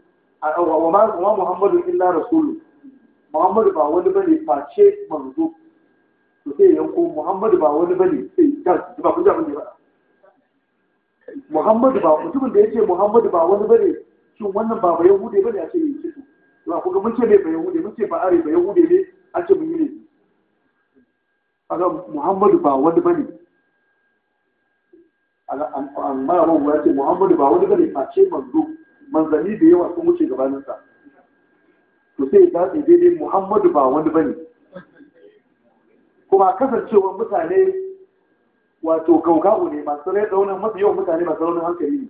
wa ma muhammadu illa rasulu muhammadu ba wani bane face manzo to sai yanko muhammadu ba wani bane sai ya ba kun ji abin da ya faɗa Muhammadu ba mutumin da ya ce Muhammadu ba wani bane shin wannan ba ba Yahude bane a ce yi kitu ba kuka mun ce bai ba Yahude mun ce ba are ba Yahude ne a ce mun yi ne aga Muhammadu ba wani bane aga an mara ba ya ce Muhammadu ba wani bane face manzo manzani da yawa sun wuce gabanin sa to sai ya daidai Muhammadu ba wani bane kuma kasancewar mutane wato gaugawo ne masu rai tsaunin mafi yawan mutane masu raunin hankali ne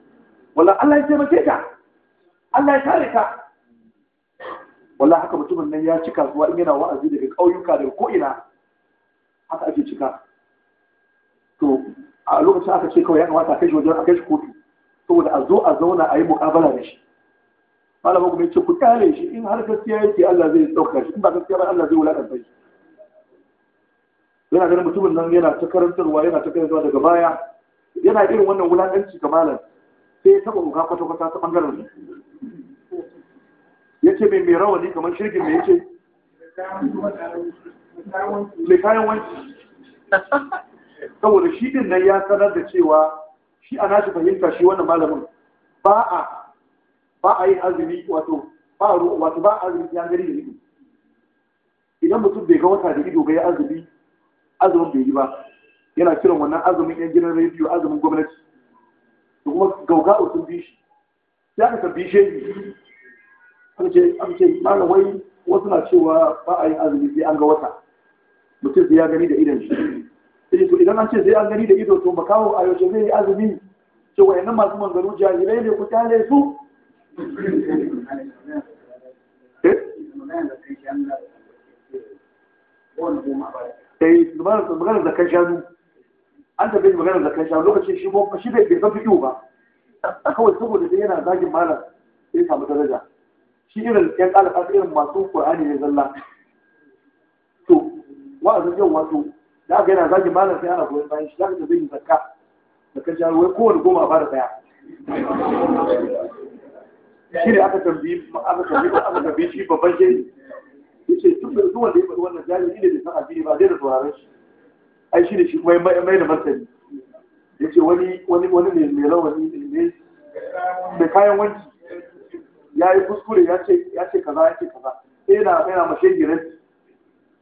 wallah Allah ya taimake ka Allah ya kare ka wallah haka mutumin nan ya ci kasuwa in yana wa'azi daga ƙauyuka daga ko'ina haka ake cika to a lokacin aka ce kawai ya kamata a kai shi wajen a kai shi kotu saboda a zo a zauna a yi muƙabala da shi malamin kuma ya ce ku kare shi in har gaskiya yake Allah zai ɗauka shi in ba gaskiya ba Allah zai wulaƙanta shi yana ganin mutumin nan yana ta karantarwa yana ta karantarwa daga baya yana irin wannan wulaƙanci ga malam sai ya taɓa uka kwata-kwata ta ɓangaren ya ce mai mai rawani kamar shirgin mai ce mai kayan wanci saboda shi din nan ya sanar da cewa shi ana shi fahimta shi wannan malamin ba a ba a yi azumi wato ba a wato ba a azumi ya gari da ido idan mutum bai ga wata da ido ga ya azumi azumin bai yi ba yana kiran wannan azumin yan gidan rediyo azumin gwamnati da kuma gauga sun bishi shi sai aka tambi shi an ce an ce malam wai wasu na cewa ba a yin azumi sai an ga wata mutum sai ya gani da idon shi sai to idan an ce sai an gani da ido to makawo a yaushe zai yi azumi ce wayannan masu manzaro jahilai ne ku tale su eh, eh? eh maganar zakar shanu an tafi shi da zakar shanu lokacin shi ba shi bai san fiƙiwu ba kawai saboda dai yana zagin malam sai samu daraja shi irin yan ƙalaƙa irin masu ƙur'ani ne zalla to wa'azin yau wato da aka yana zagin malam sai ana goyon bayan shi zaka da zai yi zakka zakar shanu wai kowane goma ba da ɗaya shi aka tambi aka aka shi babban shehi yace tun da zuwa da ya faɗi wannan jahili ne da san addini ba zai da sauraron shi ai shi ne shi kuma mai da martani yace wani wani wani mai rawani ne mai kayan wanki ya yi kuskure ya ce ya ce kaza ya ce kaza sai yana yana mashe giran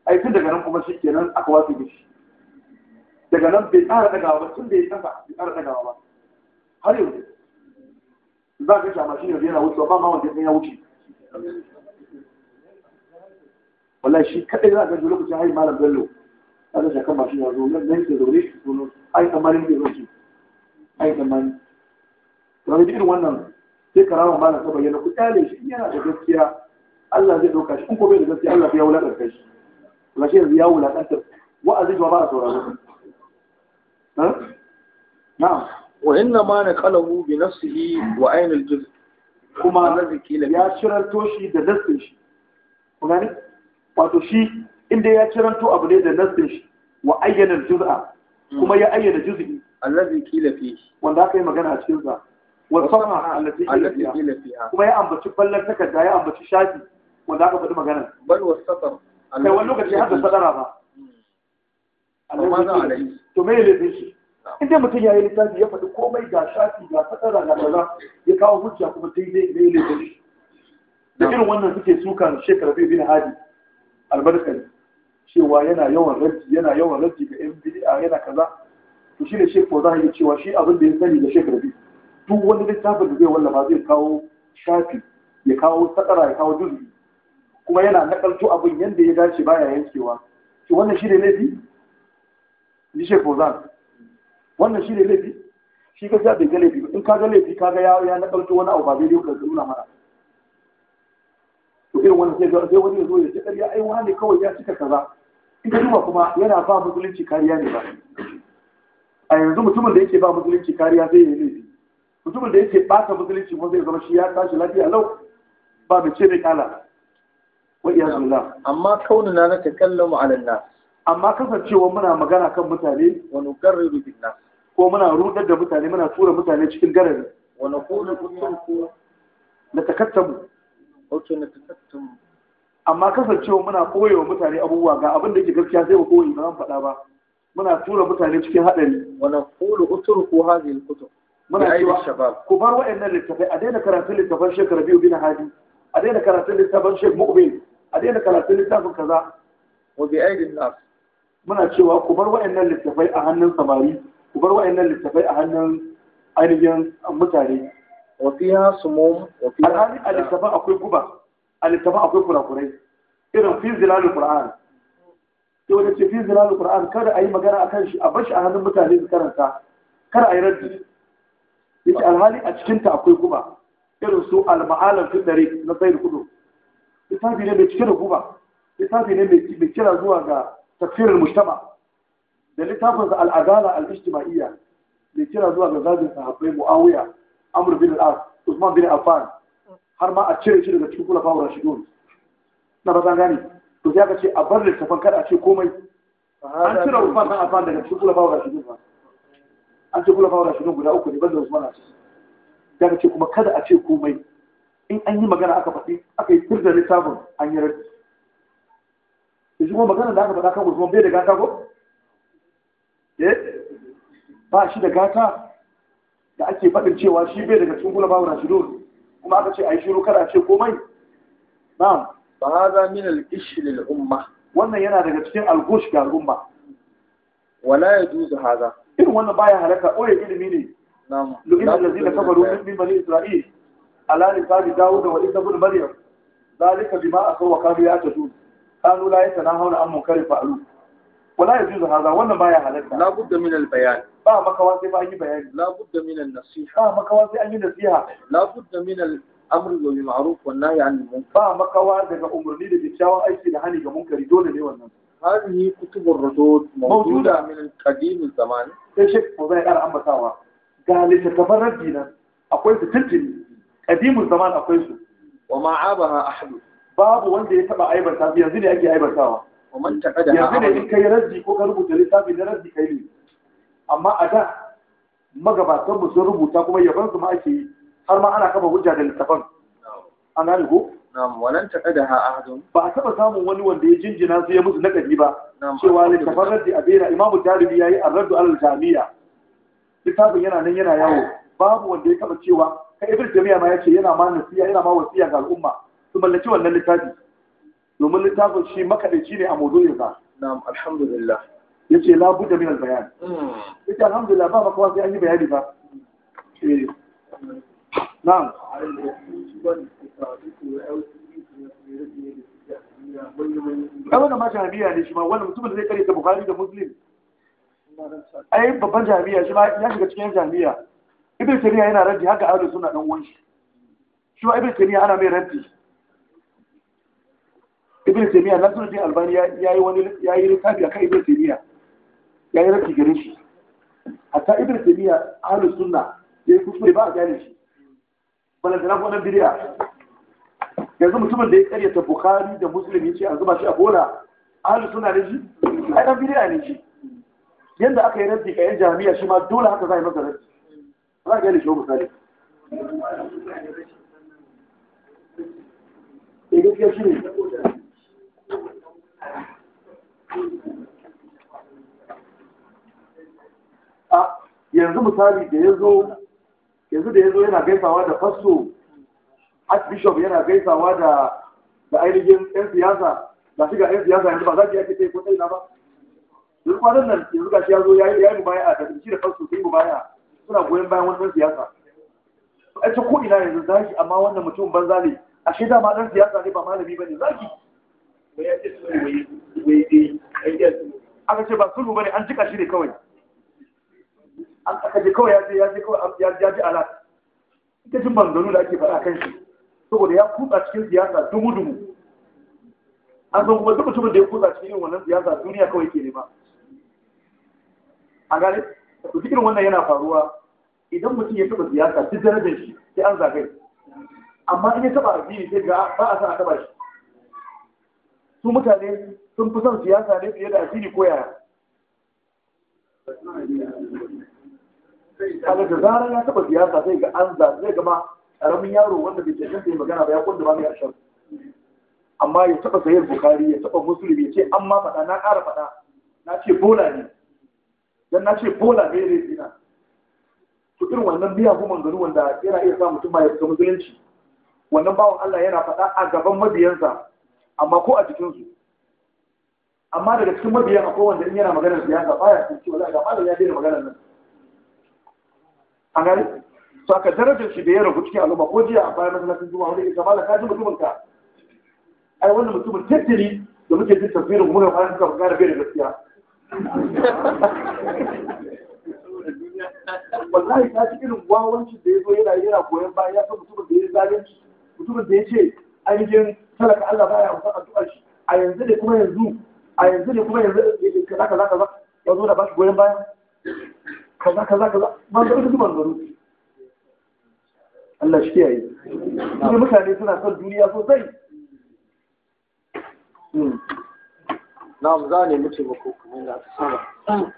ai tun daga nan kuma shi kenan aka wasu gishi daga nan bai tsara dagawa ba tun da ya kasa bai tsara dagawa ba har yanzu za ka shi a mashin yanzu yana wucewa ba ma wanda ya wuce ولا شيء كذا لا تقول لك جاي مال قال له هذا شيء كم عشان يعني يقول لك نهيك تقول لي تقول أي ثمن يجي له شيء أي ثمن ترى بيجي له وانا تكرار ما أنا سبعي أنا كنت قال ليش إني أنا جبت فيها الله زيد وكاش أمك بيجي جبت فيها الله فيها ولا كاش ولا شيء فيها ولا أنت وأزيد وراء صورة ها نعم وإنما أنا قاله بنفسه وأين الجزء كما الذي كيل يا شرطوشي دلستش وغاني wato shi inda ya ciranto abu ne da nassin shi wa ayyana juz'a kuma ya ayyana juz'i allazi kila fi wanda aka yi magana a cikin sa wa sama allazi kila fi kuma ya ambaci ballan takarda ya ambaci shafi wanda aka faɗi magana bal wa satar kai wani lokaci har da sadara ba to me ne shi inda mutum ya yi littafi ya faɗi komai ga shafi ga sadara ga kaza ya kawo hujja kuma daidai ne ne shi da irin wannan suke sukan shekara bin hadi albarkar cewa yana yawan raddi yana yawan raddi ga yan bid'a yana kaza to shi da shi ko za a yi cewa shi abin da ya sani da shek rabi duk wani littafin da zai wallafa zai kawo shafi ya kawo sakara ya kawo dubi kuma yana nakalto abin yanda ya dace baya yankewa to wannan shi ne laifi ni shi ko wannan shi ne laifi shi ka bai ga laifi in ka ga laifi ka ga ya nakalto wani abu ba zai yi ka nuna mana to irin wannan sai sai wani ya zo ya ce ƙarya ai wani kawai ya cika kaza in ka duba kuma yana ba musulunci kariya ne ba a yanzu mutumin da yake ba musulunci kariya zai yi laifi mutumin da yake ɓata musulunci kuma zai zama shi ya tashi lafiya lau ba mai ce mai kala wa iya zula amma kaunina na ta kallamu alal nas amma kasancewa muna magana kan mutane Wani nugarriru bin na. ko muna rudar da mutane muna tura mutane cikin garari Wani naqulu kuntum na takattamu na tattattun amma kasancewa muna koya wa mutane abubuwa ga abin da ke gaskiya sai ba koyi ba zan faɗa ba muna tura mutane cikin haɗari wa naqulu utruku hadhihi al muna cewa shabab ku bar wa'annan littafai a daina karatun littafan biyu biyu bin Hadi a daina karatun littafan Sheikh Mu'min a daina karatun littafin kaza wa bi aidin nas muna cewa ku bar wa'annan littafai a hannun samari ku bar wa'annan littafai a hannun ainihin mutane wafiya sumum wafiya alhali a littafin akwai guba a littafin akwai kurakurai irin fi zilalul qur'an sai wata ce fi zilalul qur'an kada a yi magana a kan shi a bar shi a hannun mutane su karanta kada a yi raddi yace alhali a cikinta akwai guba irin su al-ma'alam fi dare na sayyid kudu littafi ne mai cike da guba littafi ne mai kira zuwa ga tafsirin mujtama da littafinsa al'adala al-ijtima'iyya mai kira zuwa ga zagin sahabbai mu'awiya amr bin al-as usman bin affan har ma a cire shi daga cikin kula fa'ura shi dole na ba gani to sai aka ce a bar littafin kada a ce komai an cire usman bin affan daga cikin kula fa'ura shi dole an ce kula fa'ura shi guda uku ne banda usman a ciki sai aka ce kuma kada a ce komai in an yi magana aka faɗi aka yi turda littafin an yi rabi da shi kuma magana da aka faɗa kan usman bai da gata ko eh ba shi da gata da ake faɗin cewa shi bai daga cikin gulaba wa rashidun kuma aka ce a yi shiru kada a ce komai na'am fa hadha min al-ish lil umma wannan yana daga cikin al-gush ga al'umma wala yajuzu hadha irin wannan baya halaka oye ilimi ne na'am lu'ina allazina kafaru min bani isra'il ala lisani dawud wa isa ibn maryam ذلك بما أخر وكانوا يعتدون قالوا لا يتناهون عن منكر فعلوه ولا يجوز هذا ولا ما يهلكنا لا بد من البيان ba makawa sai ba an yi bayani la budda min an-nasiha ba makawa sai an yi nasiha la budda min al-amri bil ma'ruf wan nahyi anil munkar ba makawa daga umarni da kyakkyawan aiki da hani ga munkari dole ne wannan هذه كتب الردود موجودة من القديم الزمان sai shek ko zai ƙara ambatawa ga littattafan raddi nan akwai su tuntuni ƙadimin zaman akwai su wa ma'abaha ahadu babu wanda ya taɓa aibanta yanzu ne ake aibantawa yanzu ne in kai raddi ko ka rubuta littafi na raddi kai ne amma a da magabatan mu sun rubuta kuma yaban su ma ake yi har ma ana kama hujja da littafan an gane ko ba a taba samun wani wanda ya jinjina su ya musu nakadi ba cewa littafan raddi a bera imamu ya yi a raddu alal jami'a littafin yana nan yana yawo babu wanda ya taba cewa ka ibn jami'a ma yace yana ma nasiya yana ma wasiya ga al'umma su mallaki wannan littafi domin littafin shi makadaici ne a maudu'insa na'am alhamdulillah Yace la labu min minal bayan hmm. ya alhamdulillah ba makawa sai an yi bayani ba eh. na'am ai wannan ma jami'a ne shi ma wannan mutumin da zai kare ta bukari da muslim ai babban jami'a shi ma ya shiga cikin jami'a ibn tariya yana raddi haka ahlus sunna dan uwan shi shi ma ibn tariya ana mai raddi ibn tariya nan sunan albani ya yi wani ya yi rikabi akan ibn tariya ya yi rafi gare shi ta'idar jami'a tabiya ahlu sunna ya yi kuskure ba a gane shi balantana ko nan bidiya yanzu mutumin da ya karyata bukari da musulmi ya ce a zuba shi a bola ahlu sunna ne shi a dan bidiya ne shi yanda aka yi rafi ga yan jami'a shi ma dole haka za a yi masa rafi za a gane shi misali eh gaskiya shi ne yanzu misali da ya zo yanzu da ya zo yana gaisawa da faso archbishop yana gaisawa da da ainihin yan siyasa ba shiga ga yan siyasa yanzu ba za ki yake sai ko sai na ba yanzu kwanan nan yanzu gashi ya zo ya yi mu baya da shi da faso sai mu baya suna goyon bayan wani dan siyasa a ce ko ina yanzu zaki amma wannan mutum banza ne a shi dama dan siyasa ne ba malami bane zaki aka ce ba sulhu ne, an jika shi ne kawai an aka je kawai ya je ya je kawai ya ji alat ita jin maganganu da ake faɗa kan shi saboda ya kutsa cikin siyasa dumu-dumu an san kuma duk mutumin da ya kutsa cikin irin wannan siyasa duniya kawai ke nema a gare, to duk irin wannan yana faruwa idan mutum ya taɓa siyasa duk darajar shi sai an zagaye amma in ya taɓa addini sai ga ba a san a taɓa shi su mutane sun fi son siyasa ne fiye da addini ko yaya kaga da zarar ya taba siyasa zai ga an zai ga ma karamin yaro wanda bai cancanta ya magana ba ya kunda ba mai harshen amma ya taba sayar bukari ya taba musulmi ya ce an ma faɗa na ƙara faɗa na ce bola ne dan na ce bola ne ne dina to irin wannan biya kuma manganu wanda yana iya sa mutum ma ya fita musulunci wannan bawan Allah yana faɗa a gaban mabiyansa amma ko a jikinsu amma daga cikin mabiyan akwai wanda in yana maganar siyasa baya sun ce wala ga malam ya daina maganar nan an gani to aka darajar shi da ya rabu cikin al'umma ko jiya a bayan masallacin juma'a wani ya kamala ka ji mutumin ka ai wannan mutumin tattali da muke jin tafsirin mu ga bayan suka fara bai da gaskiya wallahi ta ci irin wawanci da ya zo yana yana koyon bayan ya san mutumin da ya zalunci mutumin da ya ce ainihin talaka Allah baya amsa addu'ar shi a yanzu ne kuma yanzu a yanzu ne kuma yanzu eh, eh, kaza kaza kaza ya zo da bashi goyon bayan kaza kaza kaza ba da duk manzaro Allah shi yayi kuma mutane suna son duniya sosai hmm. na'am za ne mutum ko kuma da aka